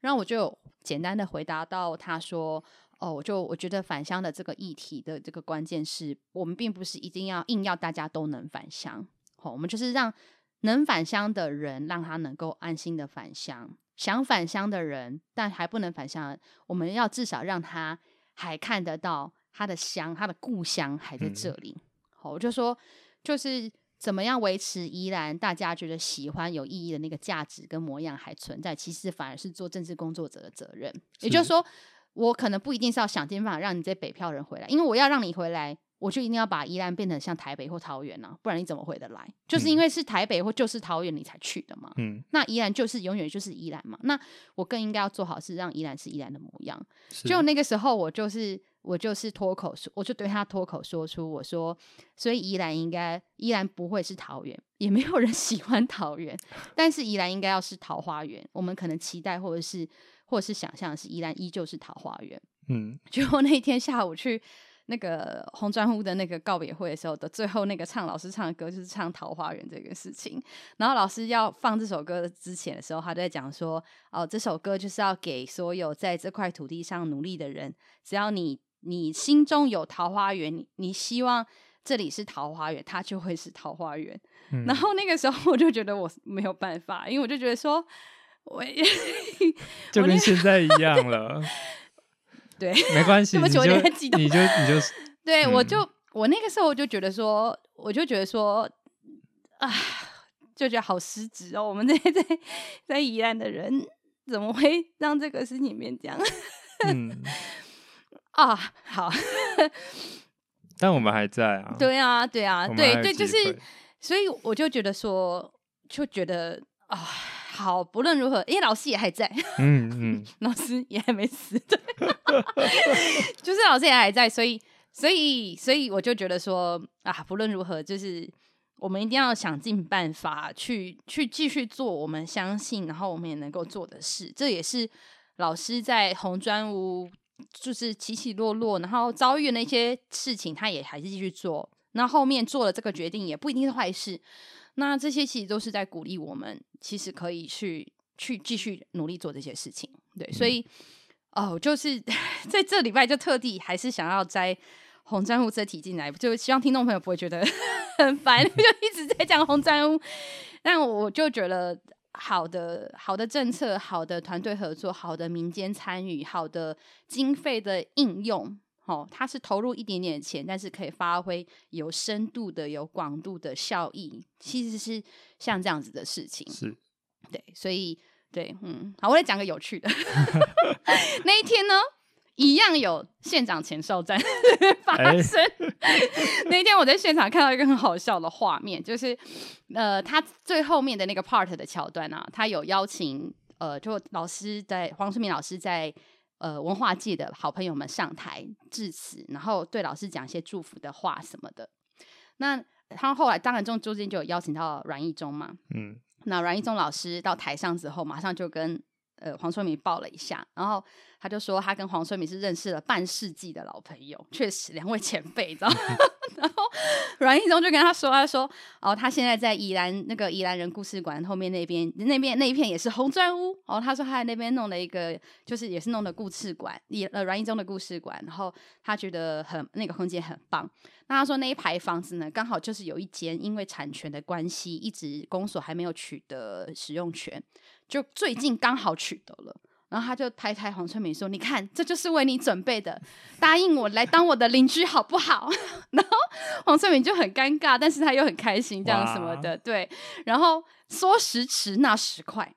然後我就簡單的回答到，他說：“哦，我就我覺得返鄉的這個議題的這個關鍵是我們並不是一定要硬要大家都能返鄉，好，哦，我們就是讓能返鄉的人讓他能夠安心的返鄉。”想返鄉的人，但還不能返鄉，我們要至少讓他還看得到他的鄉，他的故鄉還在這裡。嗯、好，我就說，就是怎麼樣維持宜蘭大家覺得喜歡、有意義的那個價值跟模樣還存在，其實反而是做政治工作者的責任。是也就是說，我可能不一定是要想盡辦法讓你這北漂人回來，因為我要讓你回來。我就一定要把宜蘭變成像台北或桃園、啊、不然你怎麼回得來？嗯、就是因為是台北或就是桃園你才去的嘛。嗯、那宜蘭就是永遠就是宜蘭嘛。那我更應該要做好是讓宜蘭是宜蘭的模樣。就是那個時候我、就是，我就是我就是脫口說，我就對他脫口說出，我說，所以宜蘭應該，宜蘭不會是桃園，也沒有人喜歡桃園，但是宜蘭應該要是桃花源，我們可能期待或者是或者是想象是宜蘭依舊是桃花源。嗯，就那天下午去。那個紅磚屋的那個告別會的時候的最後那個唱老師唱的歌就是唱桃花源這個事情，然後老師要放這首歌之前的時候，他都在講說，哦，這首歌就是要給所有在這塊土地上努力的人，只要你你心中有桃花源，你希望這裡是桃花源，它就會是桃花源。嗯、然後那個時候我就覺得我沒有辦法，因為我就覺得說我也 就跟現在一樣了。 對，沒關係。那麼久你還記得？你就你就 對、嗯、我就我那個時候我就覺得說，我就覺得說啊，就覺得好失職哦。我們這些在在，在宜蘭的人，怎麼會讓這個事情變這樣？ 嗯，啊，好， 但我們還在啊。對啊，對啊，對對，就是，所以我就覺得說，就覺得啊。好，不論如何，因、欸、為老師也還在，嗯嗯，老師也還沒死，對 就是老師也還在，所以，所以，所以我就覺得說啊，不論如何，就是我們一定要想盡辦法去去繼續做我們相信，然後我們也能夠做的事。這也是老師在紅磚屋就是起起落落，然後遭遇那些事情，他也還是繼續做。那後，後面做了這個決定，也不一定是壞事。那這些其實都是在鼓勵我們，其實可以去去繼續努力做這些事情，對，嗯、所以哦，就是在這禮拜就特地還是想要摘紅磚屋這題進來，就希望聽眾朋友不會覺得很煩， 就一直在講紅磚屋。但我就覺得好的好的政策、好的團隊合作、好的民間參與、好的經費的應用。哦，他是投入一點點錢，但是可以發揮有深度的、有廣度的效益，其實是像這樣子的事情。是對，所以對，嗯，好，我也講個有趣的。那一天呢，一樣有縣長前哨戰發生。那天我在現場看到一個很好笑的畫面，就是呃，他最後面的那個 part 的橋段啊，他有邀請呃，就老師在黃春明老師在。呃，文化界的好朋友們上台致辭，然後對老師講一些祝福的話什麼的。那他後來，當然中中間就有邀請到阮義忠嘛，嗯，那阮義忠老師到台上之後，馬上就跟。呃，黃春明抱了一下，然後他就說他跟黃春明是認識了半世紀的老朋友，確實兩位前輩，你知道嗎？ 然後阮義忠就跟他說，他說哦，他現在在宜蘭那個宜蘭人故事館後面那邊，那邊那一片也是紅磚屋哦。他說他在那邊弄了一個，就是也是弄的故事館，呃阮義忠的故事館。然後他覺得很那個空間很棒。那他說那一排房子呢，剛好就是有一間，因為產權的關係，一直公所還沒有取得使用權。就最近剛好取得了，然後他就拍拍黃春明說：“你看，這就是為你準備的，答應我來當我的鄰居好不好？”然後黃春明就很尷尬，但是他又很開心，這樣什麼的。哇對，然後說時遲，那時快，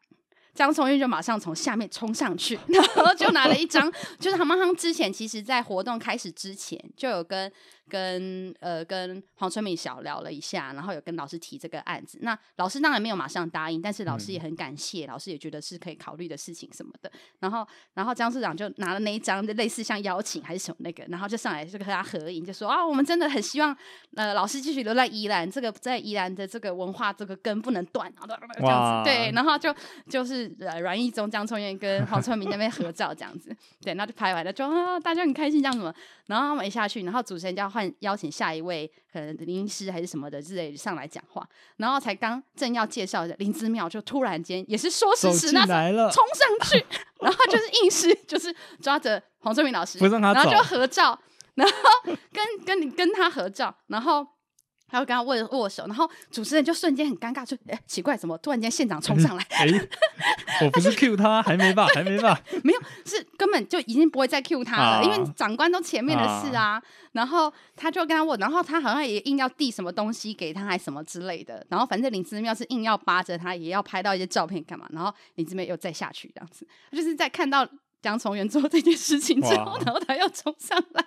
江聰淵就馬上從下面衝上去，然後就拿了一張。 就是他們他們之前，其實在活動開始之前就有跟。跟呃跟黃春明小聊了一下，然後有跟老師提這個案子，那老師當然沒有馬上答應，但是老師也很感謝，嗯、老師也覺得是可以考慮的事情什麼的。然後，然後江市長就拿了那一張，就類似像邀請還是什麼那個，然後就上來就和他合影，就說啊，我們真的很希望呃老師繼續留在宜蘭，這個在宜蘭的這個文化這個根不能斷啊，這樣子哇，對，然後就就是呃阮義忠、江聰淵跟黃春明那邊合照這樣子， 對，那就拍完了，說啊大家很開心，這樣什麼。然後他們一下去，然後主持人就要換邀請下一位，可能林師還是什麼的之類的上來講話，然後才剛正要介紹林姿妙，就突然間也是說時遲，實來了那時快衝上去， 然後就是硬是就是抓着黃春明老師，然後就合照，然後跟跟你跟他合照，然後。他就跟他握握手，然後主持人就瞬間很尷尬，就哎、欸、奇怪什麼？突然間縣長衝上來，欸、 我不是 cue 他還沒吧對還沒吧，沒有是根本就已經不會再 cue 他了，啊、因為長官都前面的事啊。啊然後他就跟他問，然後他好像也硬要遞什麼東西給他，還什麼之類的。然後反正林姿妙是硬要扒着他，也要拍到一些照片幹嘛。然後林姿妙又再下去這樣子，就是在看到江聰淵做這件事情之後，哇然後他又衝上來。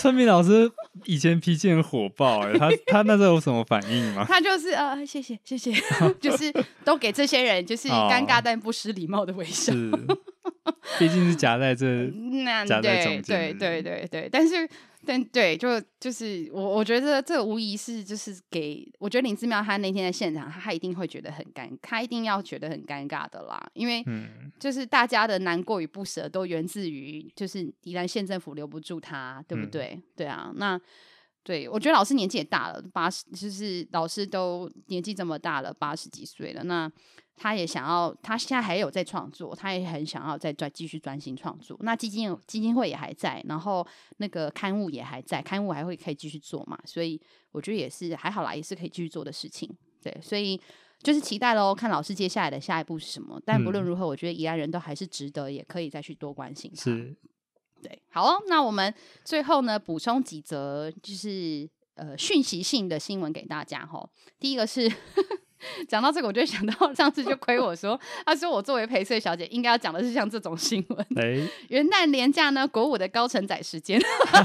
春明老師以前脾氣很火爆、欸，哎，他他那時候有什麼反應嗎？ 他就是啊、呃，謝謝謝謝，就是都給這些人，就是尷尬但不失禮貌的微笑。哦、是，畢竟是夾在這，那夾在中間，對，對對對對對，但是。但對，對，就就是我，我覺得這無疑是就是給，我覺得林姿妙他那天在現場，他，他一定會覺得很尷，他一定要覺得很尷尬的啦，因為就是大家的難過與不捨都源自於，就是宜蘭縣政府留不住他，對不對？嗯、對啊，那對我覺得老師年紀也大了，八十，就是老師都年紀這麼大了，八十幾歲了，那。他也想要，他現在還有在創作，他也很想要再再繼續專心創作。那基金基金會也還在，然後那個刊物也還在，刊物還會可以繼續做嘛？所以我覺得也是還好啦，也是可以繼續做的事情。對，所以就是期待嘍，看老師接下來的下一步是什麼。但不論如何，嗯、我覺得宜蘭人都還是值得，也可以再去多關心。是，對，好、哦，那我們最後呢，補充幾則就是呃訊息性的新聞給大家哈、哦。第一個是。 講到這個，我就想到上次就虧我說，他、 啊、說我作為陪睡小姐，應該要講的是像這種新聞。欸、元旦連假呢，國五的高乘載時間， 這很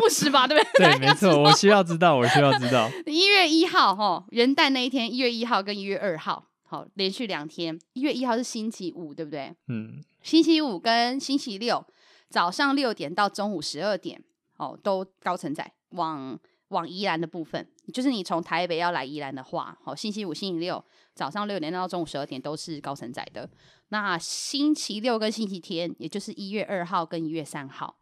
務實吧？對不對？對，沒錯，我需要知道，我需要知道。一 月一號，吼，元旦那一天，一月一號跟一月二號，好，連續兩天。一月一號是星期五，對不對？嗯。星期五跟星期六早上六點到中午十二點，哦，都高乘載往。往宜蘭的部分，就是你從台北要來宜蘭的話、哦，星期五、星期六早上六點到中午十二點都是高乘載的。那星期六跟星期天，也就是一月二號跟一月三號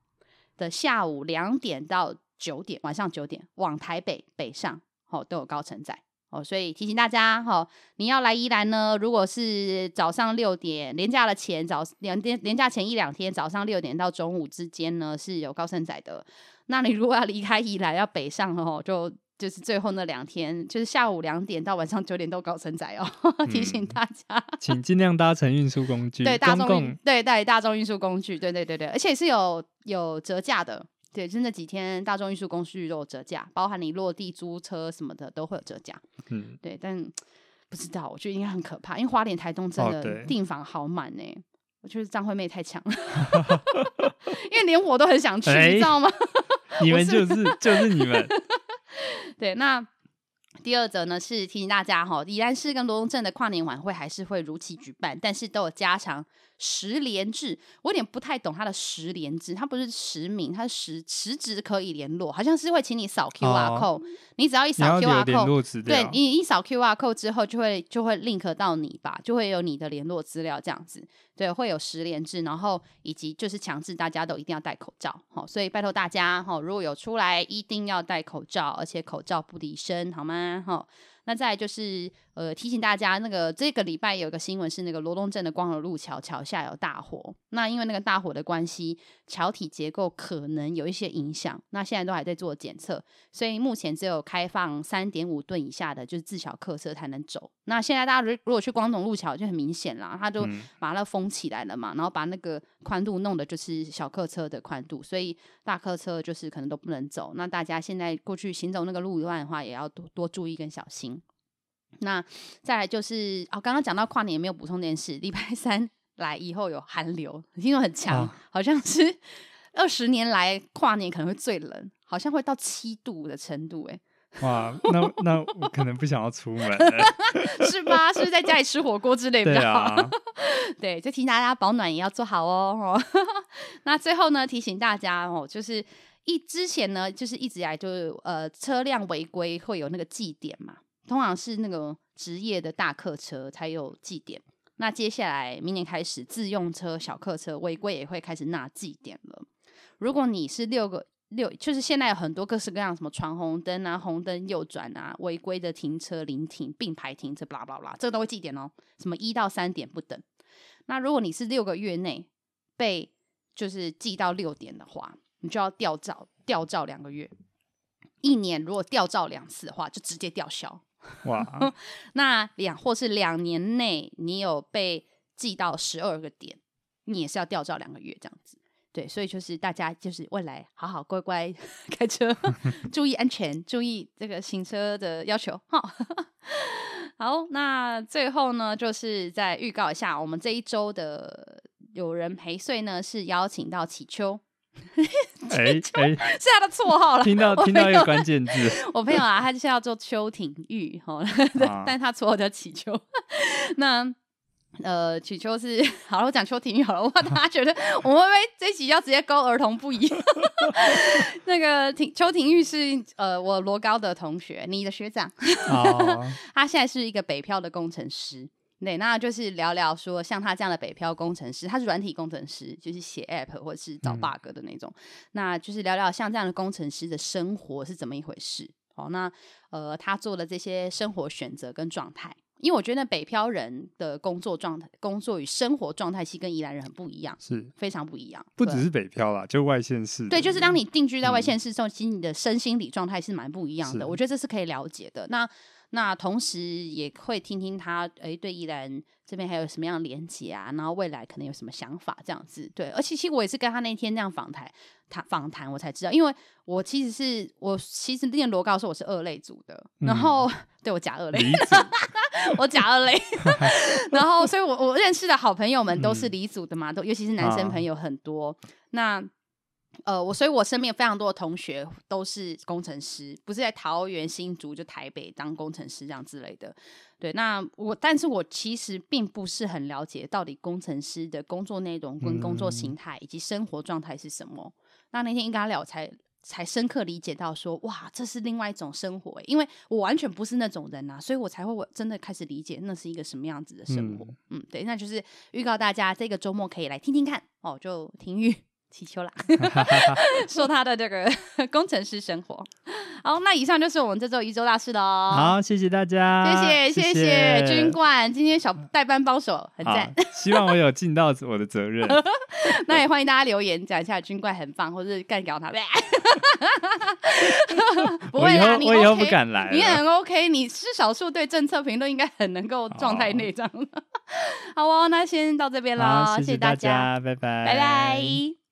的下午兩點到九點，晚上九點往台北北上，哦，都有高乘載。哦，所以提醒大家，哈、哦，你要來宜蘭呢，如果是早上六點，連假的前，早兩天，連假前一兩天早上六點到中午之間呢，是有高乘載的。那你如果要離開宜蘭要北上哦，就就是最後那兩天，就是下午兩點到晚上九點都高乘載哦，提醒大家、嗯，請盡量搭乘運輸工具， 對大眾，共共對帶大眾運輸工具，對對對對，而且是有有折價的，對，就那幾天大眾運輸工具都有折價，包含你落地租車什麼的都會有折價，嗯，對，但不知道，我覺得應該很可怕，因為花蓮台東真的訂、哦、房好滿呢、欸。我覺得張惠妹太強， 因為連我都很想去，欸、你知道嗎？你們就是 就是你們。 對，那第二則呢是提醒大家哈，宜蘭市跟羅東鎮的跨年晚會還是會如期舉辦，但是都有加長實聯制，我有點不太懂他的實聯制，他不是實名，他是實，實只可以聯絡，好像是會請你掃 Q R code，、哦、你只要一掃 Q R code 你對你一掃 Q R code 之後就會就會 link 到你吧，就會有你的聯絡資料這樣子，對，會有實聯制，然後以及就是強制大家都一定要戴口罩，好，所以拜托大家哈，如果有出來一定要戴口罩，而且口罩不離身，好嗎？哈，那再來就是。呃，提醒大家，那個這個禮拜有個新聞是那個羅東鎮的光榮路橋橋下有大火。那因為那個大火的關係，橋體結構可能有一些影響。那現在都還在做檢測，所以目前只有開放三點五噸以下的，就是自小客車才能走。那現在大家如如果去光榮路橋就很明顯啦，他就把那封起來了嘛，嗯、然後把那個寬度弄的就是小客車的寬度，所以大客車就是可能都不能走。那大家現在過去行走那個路段的話，也要多多注意跟小心。那再來就是哦，剛剛講到跨年沒有補充電視，禮拜三來以後有寒流，你聽說很強，啊、好像是二十年來跨年可能會最冷，好像會到七度的程度，哎，哇，那那我可能不想要出門 是吧？是不是在家裡吃火鍋之類的？對啊， 對，就提醒大家保暖也要做好哦。 那最後呢，提醒大家哦，就是一之前呢，就是一直以來就，就是呃，車輛違規會有那個記點嘛。通常是那個職業的大客車才有記點，那接下來明年開始自用車、小客車違規也會開始納記點了。如果你是六個六，就是現在有很多各式各樣什麼闖紅燈啊、紅燈右轉啊、違規的停車、臨停、併排停車，blah blah blah，這個都會記點哦，什麼一到三點不等。那如果你是六個月內被就是記到六點的話，你就要吊照吊照兩個月，一年如果吊照兩次的話，就直接吊銷。哇， 那兩或是兩年內，你有被記到十二個點，你也是要吊照兩個月這樣子。對，所以就是大家就是未來好好乖乖開車， 注意安全，注意這個行車的要求。好， 好，那最後呢，就是再預告一下，我們這一周的有人陪睡呢，是邀請到啟秋。哎哎，是他的綽號啦。聽到聽到一個關鍵字，我朋友啊，他就是叫做邱廷玉哈，呵呵啊、但他綽號叫祈秋。 那呃，祈秋是好，秋好了，我講邱廷玉好了，我怕大家覺得我們會不會這一集要直接勾兒童不宜？ 那個廷邱廷玉是呃，我羅高的同學，你的學長，啊、 他現在是一個北漂的工程師。對，那就是聊聊說像他這樣的北漂工程師，他是軟體工程師，就是寫 App 或者是找 bug 的那種。嗯、那就是聊聊像這樣的工程師的生活是怎麼一回事？哦，那呃，他做的這些生活選擇跟狀態，因為我覺得北漂人的工作狀態、工作與生活狀態是跟宜蘭人很不一樣，是非常不一樣，不只是北漂啦，對就外縣市。對，就是當你定居在外縣市之，嗯、其實你的身心理狀態是蠻不一樣的。是我覺得這是可以了解的。那那同時也會聽聽他，哎、欸，對宜蘭這邊還有什麼樣的連結啊？然後未來可能有什麼想法這樣子？對，而且其實我也是跟他那天這樣訪談，他訪談我才知道，因為我其實是我其實念羅高說我是二類組的，嗯、然後對我假二類，我假二類，然後所以我我認識的好朋友們都是理組的嘛，都、嗯、尤其是男生朋友很多，啊、那。呃，我所以，我身邊非常多的同學都是工程師，不是在桃園新竹，就台北當工程師這樣之類的。對，那我，但是我其實並不是很了解到底工程師的工作內容、跟工作形態以及生活狀態是什麼。嗯、那那天一跟他聊，才才深刻理解到說，哇，這是另外一種生活，因為我完全不是那種人吶、啊，所以我才會我真的開始理解那是一個什麼樣子的生活。嗯，嗯，對，那就是預告大家這個週末可以來聽聽看哦，就停運。祈求啦， 說他的這個工程師生活。好，那以上就是我們這週宜週大事的哦。好，謝謝大家，謝謝謝謝鈞冠，今天小代班幫手很讚，希望我有盡到我的責任。 那也歡迎大家留言講一下鈞冠很棒，或是幹掉他。 不會啊，你 OK，我以後不敢來，你很 OK，你是少數對政策評論應該很能夠狀態內張。好哦，那先到這邊啦，謝謝大家，謝謝大家拜拜，拜拜。